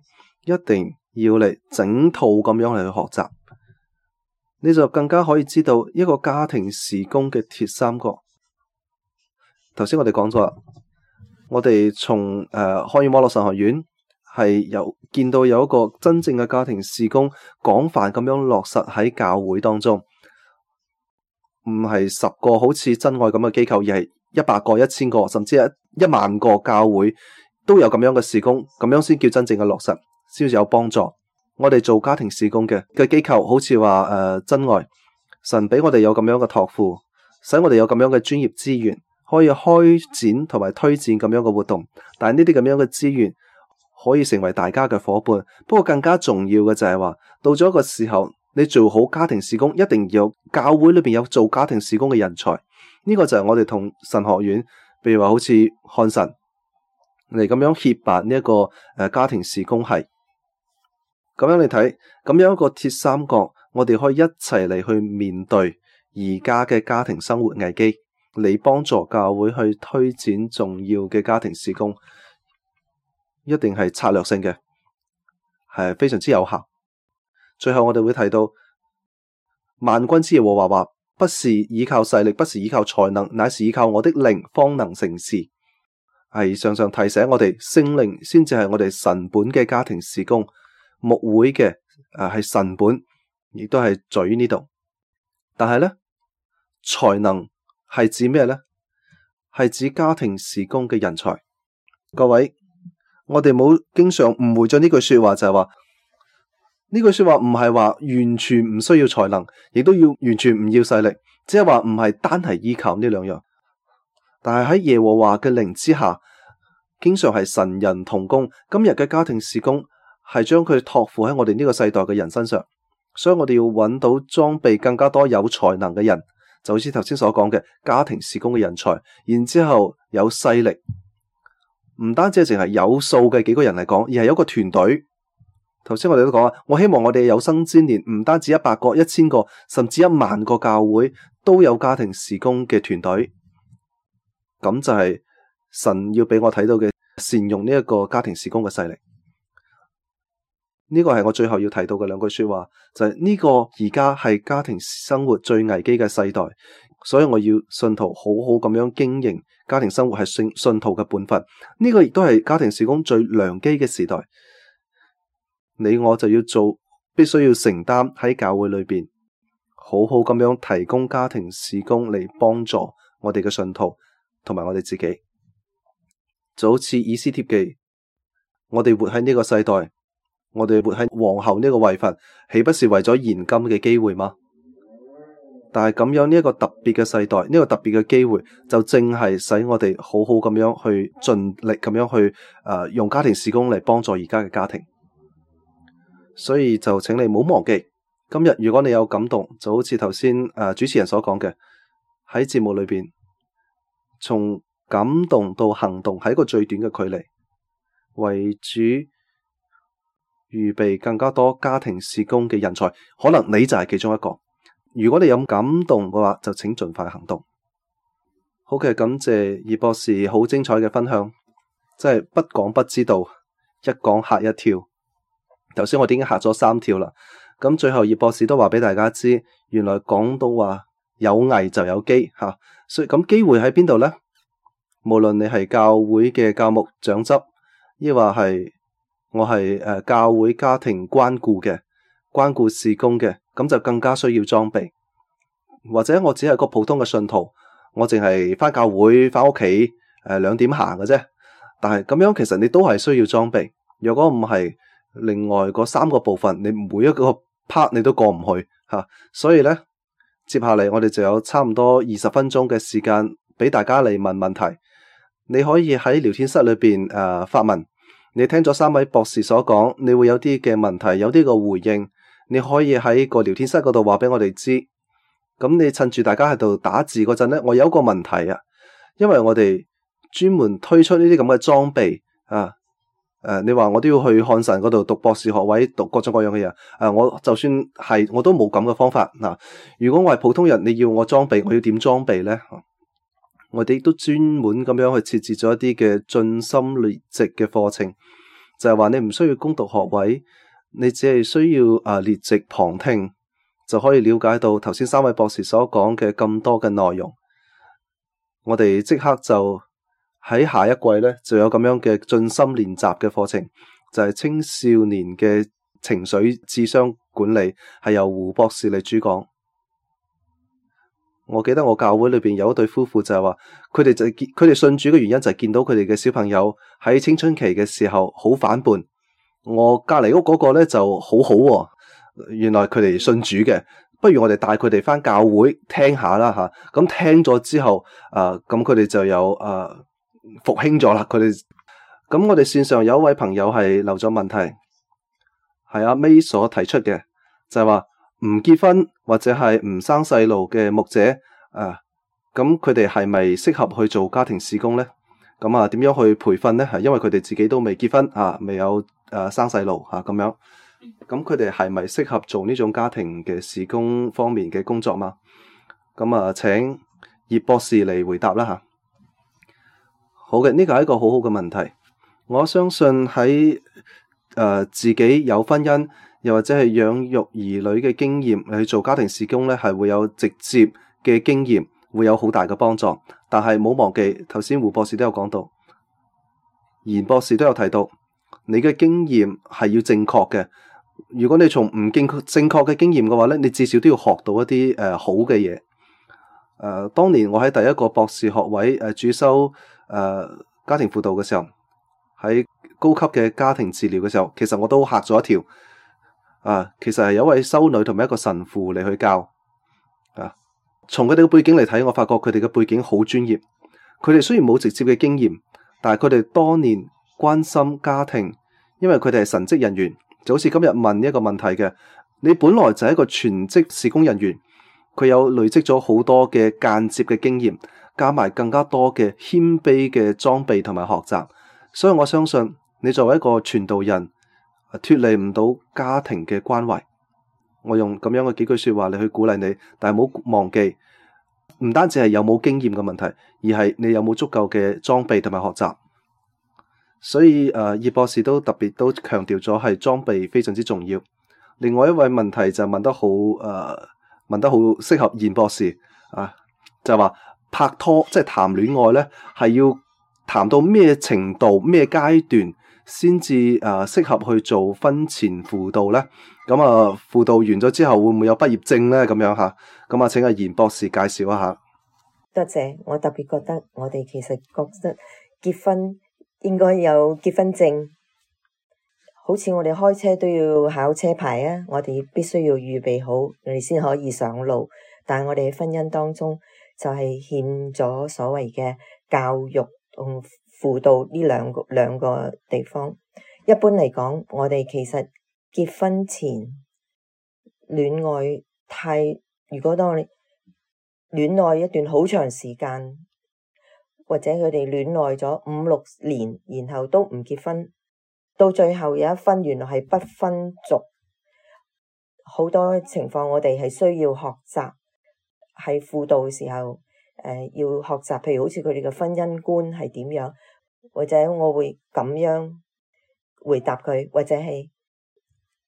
一定要嚟整套咁樣嚟去學習，你就更加可以知道一個家庭事工嘅鐵三角。頭先我哋講咗啦，我哋從誒漢語網絡神學院係有見到有一個真正嘅家庭事工廣泛咁樣落實喺教會當中。唔係十個好似真愛咁嘅機構，而係一百個、一千個，甚至一一萬個教會都有咁樣嘅事工，咁樣先叫真正嘅落實，先至有幫助。我哋做家庭事工嘅嘅機構，好似話誒真愛，神俾我哋有咁樣嘅託付，使我哋有咁樣嘅專業資源，可以開展同埋推薦咁樣嘅活動。但係呢啲咁樣嘅資源可以成為大家嘅夥伴。不過更加重要嘅就係話，到咗一個時候。你做好家庭事工，一定要教會裏邊有做家庭事工嘅人才。呢個就係我哋同神學院，譬如話好似漢神嚟，咁樣協辦呢一個誒家庭事工係。咁樣你睇，咁樣一個鐵三角，我哋可以一齊嚟去面對而家嘅家庭生活危機。你幫助教會去推展重要嘅家庭事工，一定係策略性嘅，係非常之有效。最後我哋會提到萬軍之耶和華話：不是倚靠勢力，不是倚靠才能，乃是倚靠我的靈方能成事。係常常提醒我哋，聖靈先至係我哋神本嘅家庭事工、牧會嘅，誒、啊、係神本，亦都係在於呢度。但係咧，才能係指咩咧？係指家庭事工嘅人才。各位，我哋冇經常誤會咗呢句說話，就係話。呢句說話唔係話完全唔需要才能，亦都要完全唔要勢力，即係話唔係單係依靠呢兩樣。但係喺耶和華嘅靈之下，經常係神人同工。今日嘅家庭事工係將佢托付喺我哋呢個世代嘅人身上，所以我哋要揾到裝備更加多有才能嘅人，就好似頭先所講嘅家庭事工嘅人才。然之後有勢力，唔單止淨係有數嘅幾個人嚟講，而係有一個團隊。頭先我哋都講啊，我希望我哋有生之年唔單止一百個、一千個，甚至一萬個教會都有家庭事工嘅團隊。咁就係神要俾我睇到嘅善用呢一個家庭事工嘅勢力。呢、這個係我最後要提到嘅兩句說話，就係、是、呢個而家係家庭生活最危機嘅世代，所以我要信徒好好咁樣經營家庭生活係信信徒嘅本分。呢、這個亦都係家庭事工最良機嘅時代。你我就要做，必須要承擔喺教會裏邊，好好咁樣提供家庭事工嚟幫助我哋嘅信徒同埋我哋自己，就好似以斯帖記，我哋活喺呢個世代，我哋活喺王后呢個位份，豈不是為咗現今嘅機會嗎？但係咁樣呢一、這個特別嘅世代，呢、這個特別嘅機會，就正係使我哋好好咁樣去盡力咁樣去，誒、呃，用家庭事工嚟幫助而家嘅家庭。所以就請你唔好忘記，今日如果你有感動，就好似頭先誒主持人所講嘅，喺節目裏邊，從感動到行動係一個最短嘅距離。為主預備更加多家庭事工嘅人才，可能你就係其中一個。如果你有感動嘅話，就請盡快行動。好嘅，感謝葉博士好精彩嘅分享，真係不講不知道，一講吓一跳。頭先我已經嚇咗三跳啦。咁最後葉博士都話俾大家知，原來講到話有危就有機吓、啊，所以咁機會喺邊度呢？無論你係教會嘅教牧長執，亦或係我係誒教會家庭關顧嘅、關顧事工嘅，咁就更加需要裝備。或者我只係個普通嘅信徒，我淨係翻教會、翻屋企誒兩點行嘅啫。但係咁樣其實你都係需要裝備。若果唔係，另外嗰三個部分，你每一個 part 你都過唔去嚇、啊，所以呢，接下嚟我哋就有差唔多二十分鐘嘅時間俾大家嚟問問題。你可以喺聊天室裏邊誒發問。你聽咗三位博士所講，你會有啲嘅問題，有啲個回應，你可以喺個聊天室嗰度話俾我哋知。咁你趁住大家喺度打字嗰陣呢，我有一個問題啊，因為我哋專門推出呢啲咁嘅裝備啊。誒，你話我都要去漢神嗰度讀博士學位，讀各種各樣嘅嘢。誒、啊，我就算係我都冇咁嘅方法嗱、啊。如果我係普通人，你要我裝備，我要點裝備呢？我哋亦都專門咁樣去設置咗一啲嘅盡心列席嘅課程，就係、是、話你唔需要攻讀學位，你只係需要誒列席旁聽，就可以了解到頭先三位博士所講嘅咁多嘅內容。我哋即刻就。喺下一季咧，就有咁樣嘅進心練習嘅課程，就係青少年嘅情緒智商管理，係由胡博士嚟主講。我記得我教會裏邊有一對夫婦就係話，佢哋就見佢哋信主嘅原因就係見到佢哋嘅小朋友喺青春期嘅時候好反叛，我隔籬屋嗰個咧就好好喎，原來佢哋信主嘅，不如我哋帶佢哋翻教會聽下啦吓，咁聽咗之後，誒、啊，咁佢哋就有誒。啊復興咗啦，佢哋。咁我哋線上有一位朋友係留咗問題，係阿、啊、May 所提出嘅，就係話唔結婚或者係唔生細路嘅牧者啊，咁佢哋係咪適合去做家庭事工呢？咁啊，點樣去培訓呢？係因為佢哋自己都未結婚啊，未有誒生細路啊，咁、啊、樣，咁佢哋係咪適合做呢種家庭嘅事工方面嘅工作嘛？咁啊，請葉博士嚟回答啦吓。好嘅，呢個係一個好好嘅問題。我相信喺誒、呃、自己有婚姻，又或者係養育兒女嘅經驗，去做家庭事工呢，係會有直接嘅經驗，會有好大嘅幫助。但係冇忘記頭先胡博士都有講到，嚴博士都有提到，你嘅經驗係要正確嘅。如果你從唔正確正確嘅經驗嘅話呢，你至少都要學到一啲誒、呃、好嘅嘢。誒、呃，當年我喺第一個博士學位誒、呃、主修。誒，uh, 家庭輔導嘅時候喺高級嘅家庭治療嘅時候，其實我都吓咗一跳。啊、uh。其實係有一位修女同埋一個神父嚟去教啊。從佢哋嘅背景嚟睇，我發覺佢哋嘅背景好專業。佢哋雖然冇直接嘅經驗，但係佢哋多年關心家庭，因為佢哋係神職人員，就好似今日問呢一個問題嘅。你本來就係一個全職事工人員，佢有累積咗好多嘅間接嘅經驗。加埋更加多嘅謙卑嘅裝備同埋學習，所以我相信你作為一個傳道人，脫離唔到家庭嘅關懷。我用咁樣嘅幾句說話嚟去鼓勵你，但係唔好忘記，唔單止係有冇經驗嘅問題，而係你有冇足夠嘅裝備同埋學習。所以誒，葉、啊、博士都特別都強調咗係裝備非常之重要。另外一位問題就問得好誒、啊，問得好適合嚴博士啊，就話、是。拍拖，即係談戀愛呢，係要談到咩程度、咩階段先至誒適合去做婚前輔導呢？咁啊，輔導完咗之後會唔會有畢業證呢？咁樣吓，咁啊，請阿、啊、嚴博士介紹一下。多謝，我特別覺得我哋其實覺得結婚應該有結婚證，好似我哋開車都要考車牌啊，我哋必須要預備好，你哋先可以上路。但係我哋喺婚姻當中。就係欠咗所謂嘅教育同輔導呢兩個兩個地方。一般嚟講，我哋其實結婚前戀愛太，如果當戀愛一段好長時間，或者佢哋戀愛咗五六年，然後都唔結婚，到最後有一分原來係不分族。好多情況，我哋係需要學習。喺輔導嘅時候，誒、呃、要學習，譬如好似佢哋嘅婚姻觀係點樣，或者我會咁樣回答佢，或者係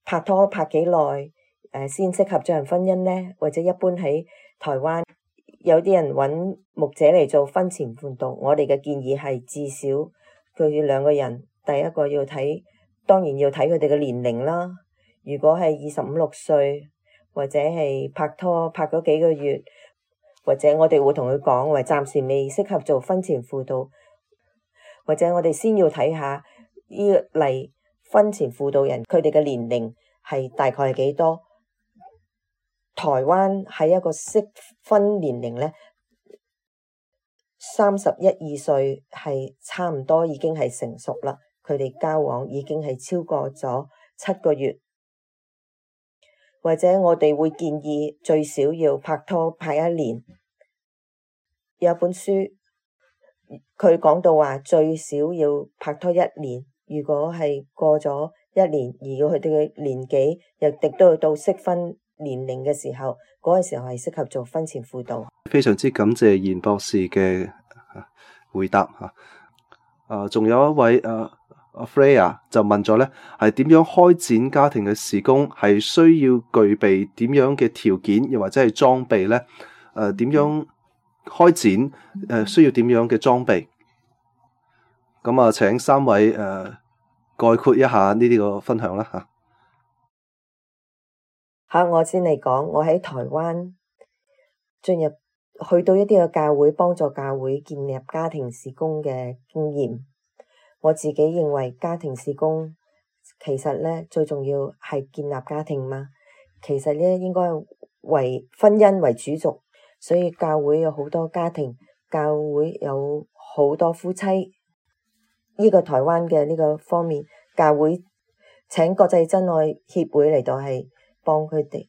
拍拖拍幾耐，誒、呃、先適合進行婚姻呢？或者一般喺台灣有啲人揾牧者嚟做婚前輔導，我哋嘅建議係至少佢兩個人，第一個要睇，當然要睇佢哋嘅年齡啦。如果係二十五六歲，或者係拍拖拍咗幾個月。或者我哋會同佢講話，暫時未適合做婚前輔導，或者我哋先要睇下呢個例婚前輔導人佢哋嘅年齡係大概係幾多？台灣係一個適婚年齡呢，三十一二歲係差唔多已經係成熟啦。佢哋交往已經係超過咗七個月，或者我哋會建議最少要拍拖拍一年。有本書，佢講到話最少要拍拖一年。如果係過咗一年而要去到佢哋嘅年紀，又亦都要到適婚年齡嘅時候，嗰、那個時候係適合做婚前輔導。非常之感謝嚴博士嘅回答吓。誒、呃，仲有一位、誒、呃、，Afra 就問咗咧，係點樣開展家庭嘅事工？係需要具備點樣嘅條件，又或者係裝備咧？誒、呃，點樣、嗯？開展需要點樣嘅裝備，咁啊請三位、呃、概括一下呢啲個分享啦吓，嚇，我先嚟講，我喺台灣進入去到一啲嘅教會，幫助教會建立家庭事工嘅經驗。我自己認為家庭事工其實呢，最重要係建立家庭嘛。其實呢，應該為婚姻為主軸。所以教會有好多家庭，教會有好多夫妻。呢個台灣嘅呢個方面，教會請國際真愛協會嚟到係幫佢哋。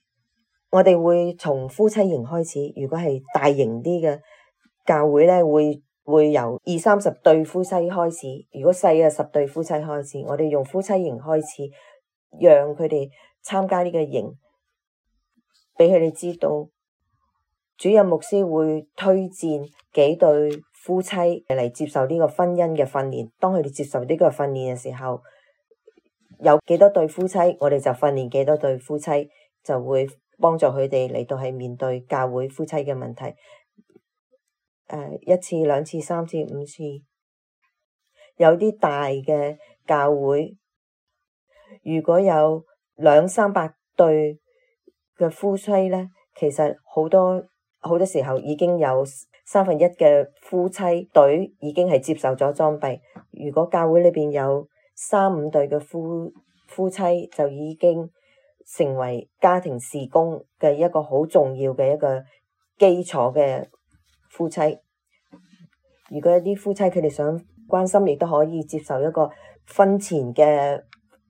我哋會從夫妻營開始，如果係大型啲嘅教會咧，會會由二三十對夫妻開始；如果細嘅十對夫妻開始，我哋用夫妻營開始，讓佢哋參加呢個營，俾佢哋知道。主任牧師會推薦幾對夫妻嚟接受呢個婚姻嘅訓練。當佢哋接受呢個訓練嘅時候，有幾多對夫妻，我哋就訓練幾多對夫妻，就會幫助佢哋嚟到係面對教會夫妻嘅問題。呃，一次、兩次、三次、五次，有啲大嘅教會，如果有兩三百對嘅夫妻呢，其實好多。好多時候已經有三分一嘅夫妻對已經係接受咗裝備。如果教會裏面有三五對嘅夫夫妻，就已經成為家庭事工嘅一個好重要嘅一個基礎嘅夫妻。如果一啲夫妻佢哋想關心，亦都可以接受一個婚前嘅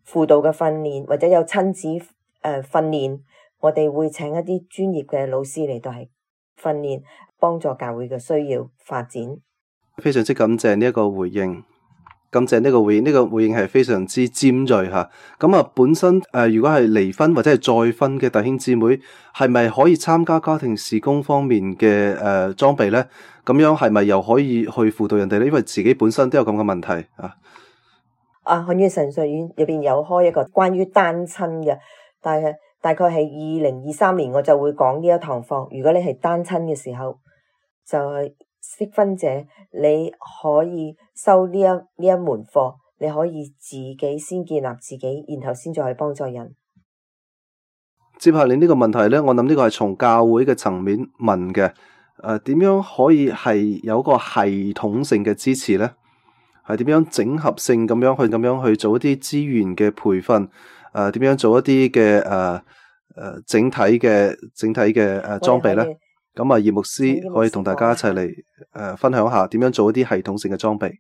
輔導嘅訓練，或者有親子誒訓練，我哋會請一啲專業嘅老師嚟到係。訓練幫助教會嘅需要發展，非常之感謝呢一個回應，感謝呢個回應，呢、這個回應係非常之尖銳吓。咁啊，本身誒、呃，如果係離婚或者係再婚嘅弟兄姊妹，係咪可以參加家庭事工方面嘅誒、呃、裝備呢？咁樣係咪又可以去輔導人哋呢？因為自己本身都有咁嘅問題啊。啊，漢語、啊、神學院入邊有開一個關於單親嘅，但係。大概係二零二三年，我就會講呢一堂課。如果你係單親嘅時候，就係、是、適婚者，你可以收呢一呢一門課，你可以自己先建立自己，然後先再去幫助人。接下你呢個問題呢，我諗呢個係從教會嘅層面問嘅，誒、呃，點樣可以係有個系統性嘅支持呢？係點樣整合性咁樣去咁樣去做一啲資源嘅培訓？誒，點、呃、樣做一啲嘅誒誒整體嘅整體嘅誒、呃、裝備呢？咁啊，葉、嗯、牧師可以同大家一齊嚟誒分享下，點樣做一啲系統性嘅裝備？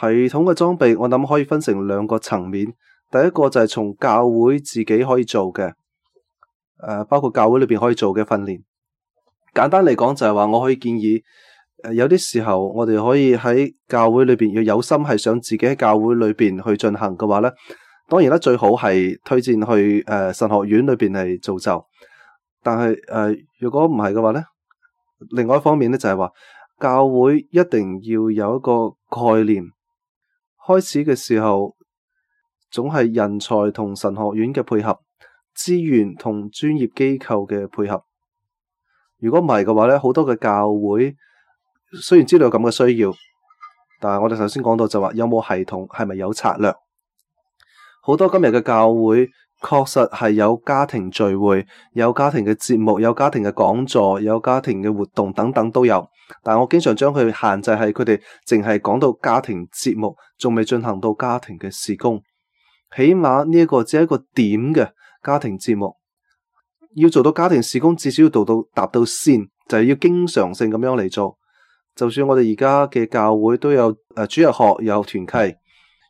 系統嘅裝備，我諗可以分成兩個層面。第一個就係從教會自己可以做嘅，誒、呃，包括教會裏邊可以做嘅訓練。簡單嚟講，就係話我可以建議。有啲時候，我哋可以喺教會裏邊要有心，係想自己喺教會裏邊去進行嘅話咧，當然啦，最好係推薦去誒、呃、神學院裏邊嚟造就。但係誒、呃，如果唔係嘅話咧，另外一方面咧就係、是、話教會一定要有一個概念，開始嘅時候總係人才同神學院嘅配合，資源同專業機構嘅配合。如果唔係嘅話咧，好多嘅教會。雖然知道有咁嘅需要，但係我哋首先講到就話有冇系統，係咪有策略？好多今日嘅教會確實係有家庭聚會，有家庭嘅節目，有家庭嘅講座，有家庭嘅活動等等都有。但我經常將佢限制喺佢哋淨係講到家庭節目，仲未進行到家庭嘅事工。起碼呢一個只係一個點嘅家庭節目，要做到家庭事工，至少要做到達到先，就係、是、要經常性咁樣嚟做。就算我哋而家嘅教會都有誒主日學，有團契，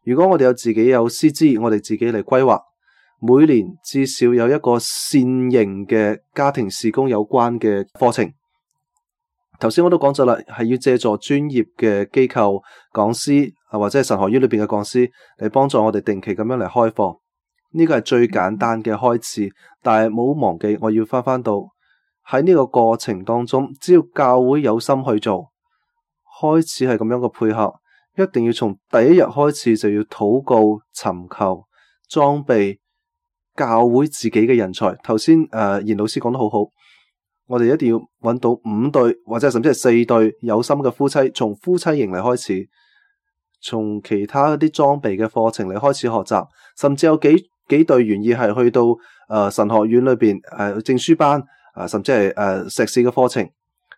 如果我哋有自己有師資，我哋自己嚟規劃，每年至少有一個線型嘅家庭事工有關嘅課程。頭先我都講咗啦，係要借助專業嘅機構講師，或者係神學院裏邊嘅講師嚟幫助我哋定期咁樣嚟開課。呢個係最簡單嘅開始，但係唔好忘記我要翻翻到喺呢個過程當中，只要教會有心去做，開始係咁樣嘅配合，一定要從第一日開始就要禱告、尋求裝備教會自己嘅人才。頭先誒，嚴、呃、老師講得好好，我哋一定要揾到五對或者甚至係四對有心嘅夫妻，從夫妻營嚟開始，從其他一啲裝備嘅課程嚟開始學習，甚至有幾幾對願意係去到誒、呃、神學院裏邊誒、呃、證書班啊、呃，甚至係誒碩士嘅課程。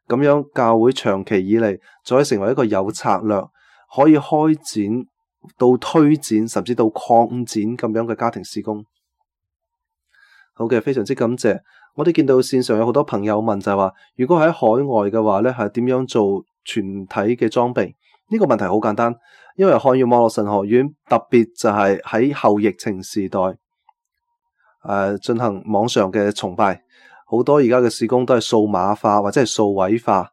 咁樣教會長期以嚟，就可以成為一個有策略可以開展到推展，甚至到擴展咁樣嘅家庭事工。好嘅，非常之感謝。我哋見到線上有好多朋友問，就係話，如果喺海外嘅話咧，係點樣做全體嘅裝備？呢、這個問題好簡單，因為漢語網絡神學院特別就係喺後疫情時代，誒、呃、進行網上嘅崇拜。好多而家嘅事工都係數碼化，或者係數位化。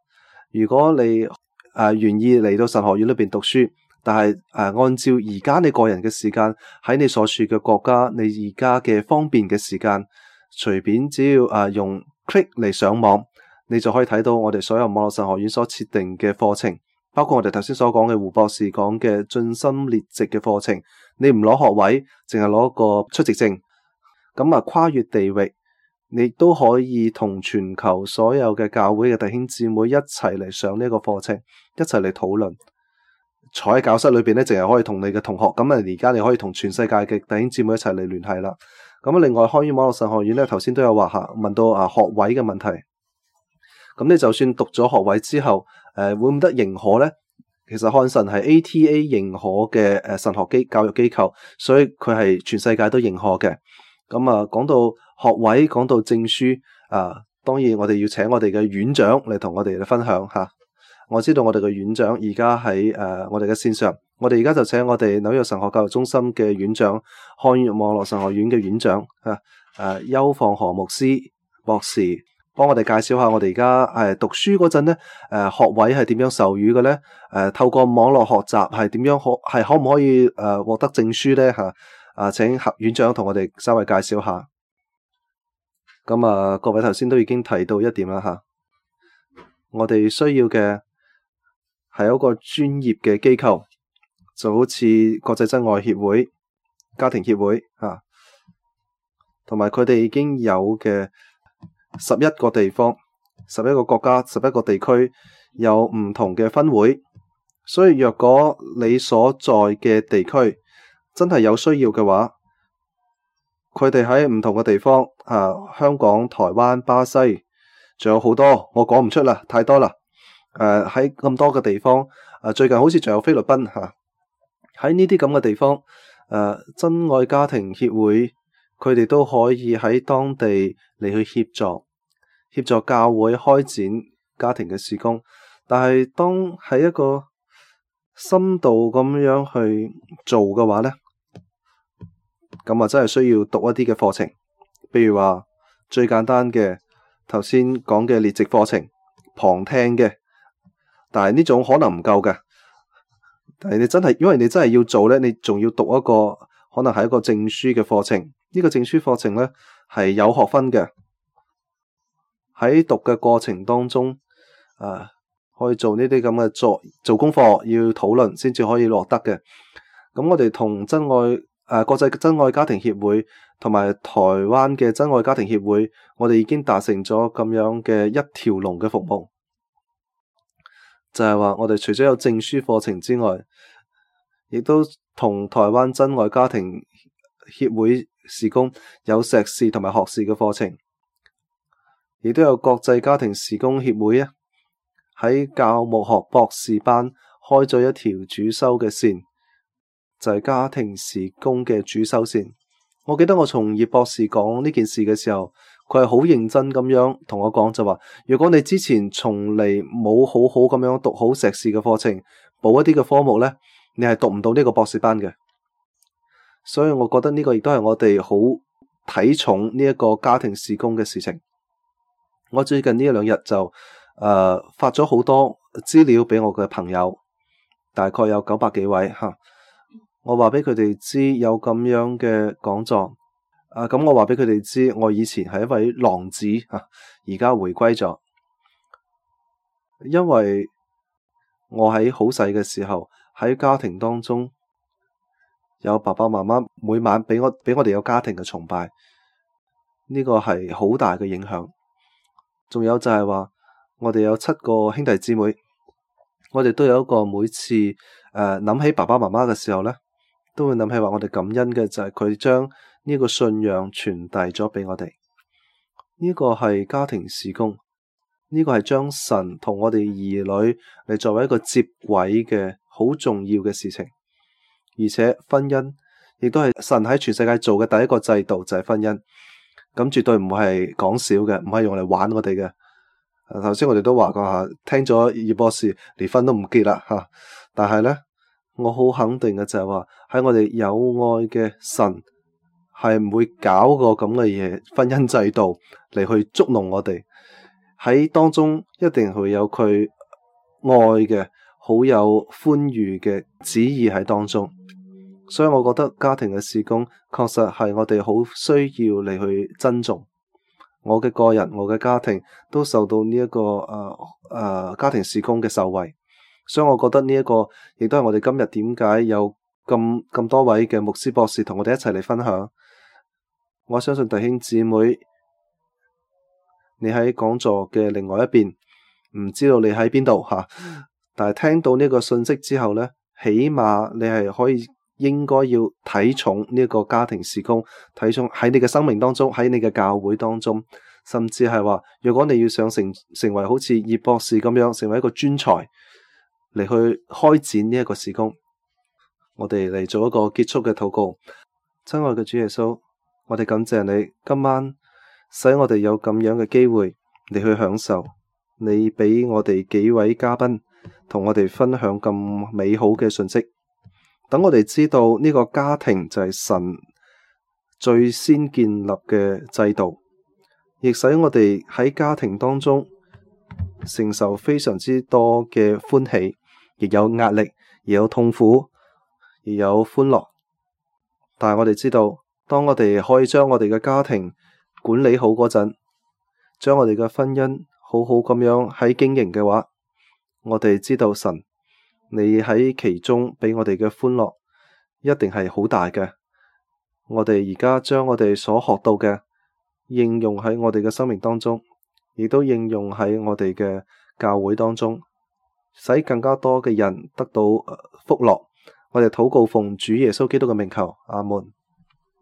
如果你誒、呃、願意嚟到神學院裏邊讀書，但係誒、呃、按照而家你個人嘅時間，喺你所處嘅國家，你而家嘅方便嘅時間，隨便只要誒、呃、用 click 嚟上網，你就可以睇到我哋所有網絡神學院所設定嘅課程，包括我哋頭先所講嘅胡博士講嘅「盡心列席」嘅課程。你唔攞學位，淨係攞個出席證，咁啊跨越地域。你都可以同全球所有嘅教會嘅弟兄姊妹一齊嚟上呢一個課程，一齊嚟討論。坐喺教室裏邊咧，淨係可以同你嘅同學。咁啊，而家你可以同全世界嘅弟兄姊妹一齊嚟聯繫啦。咁另外漢語網絡神學院咧，頭先都有話吓，問到啊學位嘅問題。咁你就算讀咗學位之後，誒、呃，會唔得認可呢？其實漢神係 ATA 認可嘅誒神學機教育機構，所以佢係全世界都認可嘅。咁啊，講到。學位講到證書啊，當然我哋要請我哋嘅院長嚟同我哋嘅分享吓、啊。我知道我哋嘅院長而家喺誒我哋嘅線上，我哋而家就請我哋紐約神學教育中心嘅院長、漢語網絡神學院嘅院長吓，誒、啊、邱放何牧師博士，幫我哋介紹下我哋而家誒讀書嗰陣咧，誒、啊、學位係點樣授予嘅咧？誒、啊、透過網絡學習係點樣可係可唔可以誒獲、啊、得證書咧？吓啊，請學院長同我哋稍微介紹下。咁啊、嗯，各位頭先都已經提到一點啦吓，我哋需要嘅係一個專業嘅機構，就好似國際真愛協會、家庭協會啊，同埋佢哋已經有嘅十一個地方、十一個國家、十一個地區有唔同嘅分會，所以若果你所在嘅地區真係有需要嘅話，佢哋喺唔同嘅地方，啊，香港、台灣、巴西，仲有好多，我講唔出啦，太多啦。誒、啊，喺咁多嘅地方，啊，最近好似仲有菲律賓，吓，喺呢啲咁嘅地方，誒、啊，真愛家庭協會，佢哋都可以喺當地嚟去協助，協助教會開展家庭嘅事工。但係當喺一個深度咁樣去做嘅話呢。咁啊，真係需要讀一啲嘅課程，譬如話最簡單嘅頭先講嘅列席課程、旁聽嘅，但係呢種可能唔夠嘅。但係你真係，因為你真係要做呢，你仲要讀一個可能係一個證書嘅課程。呢個證書課程呢，係有學分嘅，喺讀嘅過程當中，啊可以做呢啲咁嘅作做功課，要討論先至可以落得嘅。咁我哋同真愛。誒、啊，國際真愛家庭協會同埋台灣嘅真愛家庭協會，我哋已經達成咗咁樣嘅一條龍嘅服務，就係話我哋除咗有證書課程之外，亦都同台灣真愛家庭協會事工有碩士同埋學士嘅課程，亦都有國際家庭事工協會啊，喺教育學博士班開咗一條主修嘅線。就係家庭事工嘅主修線，我記得我從葉博士講呢件事嘅時候，佢係好認真咁樣同我講就話，如果你之前從嚟冇好好咁樣讀好碩士嘅課程，補一啲嘅科目呢，你係讀唔到呢個博士班嘅。所以我覺得呢個亦都係我哋好睇重呢一個家庭事工嘅事情。我最近呢兩日就誒、呃、發咗好多資料俾我嘅朋友，大概有九百幾位吓。我話俾佢哋知有咁樣嘅講座，啊咁我話俾佢哋知，我以前係一位浪子，吓而家回歸咗，因為我喺好細嘅時候喺家庭當中有爸爸媽媽，每晚俾我俾我哋有家庭嘅崇拜，呢個係好大嘅影響。仲有就係話我哋有七個兄弟姊妹，我哋都有一個每次誒諗、呃、起爸爸媽媽嘅時候呢。都會諗起話我哋感恩嘅就係、是、佢將呢個信仰傳遞咗俾我哋，呢、這個係家庭事工，呢、這個係將神同我哋兒女嚟作為一個接軌嘅好重要嘅事情，而且婚姻亦都係神喺全世界做嘅第一個制度就係、是、婚姻，咁、嗯、絕對唔係講笑嘅，唔係用嚟玩我哋嘅。頭、啊、先我哋都話過吓，聽咗葉博士離婚都唔結啦吓、啊，但係呢。我好肯定嘅就係話，喺我哋有愛嘅神係唔會搞個咁嘅嘢，婚姻制度嚟去捉弄我哋。喺當中一定會有佢愛嘅好有歡愉嘅旨意喺當中，所以我覺得家庭嘅事工確實係我哋好需要嚟去珍重。我嘅個人，我嘅家庭都受到呢、這、一個誒誒、啊啊、家庭事工嘅受惠。所以我覺得呢一個亦都係我哋今日點解有咁咁多位嘅牧師博士同我哋一齊嚟分享。我相信弟兄姊妹，你喺講座嘅另外一邊，唔知道你喺邊度吓，但係聽到呢個信息之後呢，起碼你係可以應該要睇重呢一個家庭事工，睇重喺你嘅生命當中，喺你嘅教會當中，甚至係話，如果你要想成成為好似葉博士咁樣成為一個專才。嚟去開展呢一個事工，我哋嚟做一個結束嘅禱告。親愛嘅主耶穌，我哋感謝你今晚使我哋有咁樣嘅機會，你去享受你俾我哋幾位嘉賓同我哋分享咁美好嘅信息。等我哋知道呢個家庭就係神最先建立嘅制度，亦使我哋喺家庭當中承受非常之多嘅歡喜。亦有壓力，亦有痛苦，亦有歡樂。但係我哋知道，當我哋可以將我哋嘅家庭管理好嗰陣，將我哋嘅婚姻好好咁樣喺經營嘅話，我哋知道神，你喺其中俾我哋嘅歡樂一定係好大嘅。我哋而家將我哋所學到嘅應用喺我哋嘅生命當中，亦都應用喺我哋嘅教會當中。使更加多嘅人得到福樂，我哋禱告，奉主耶穌基督嘅名求，阿門。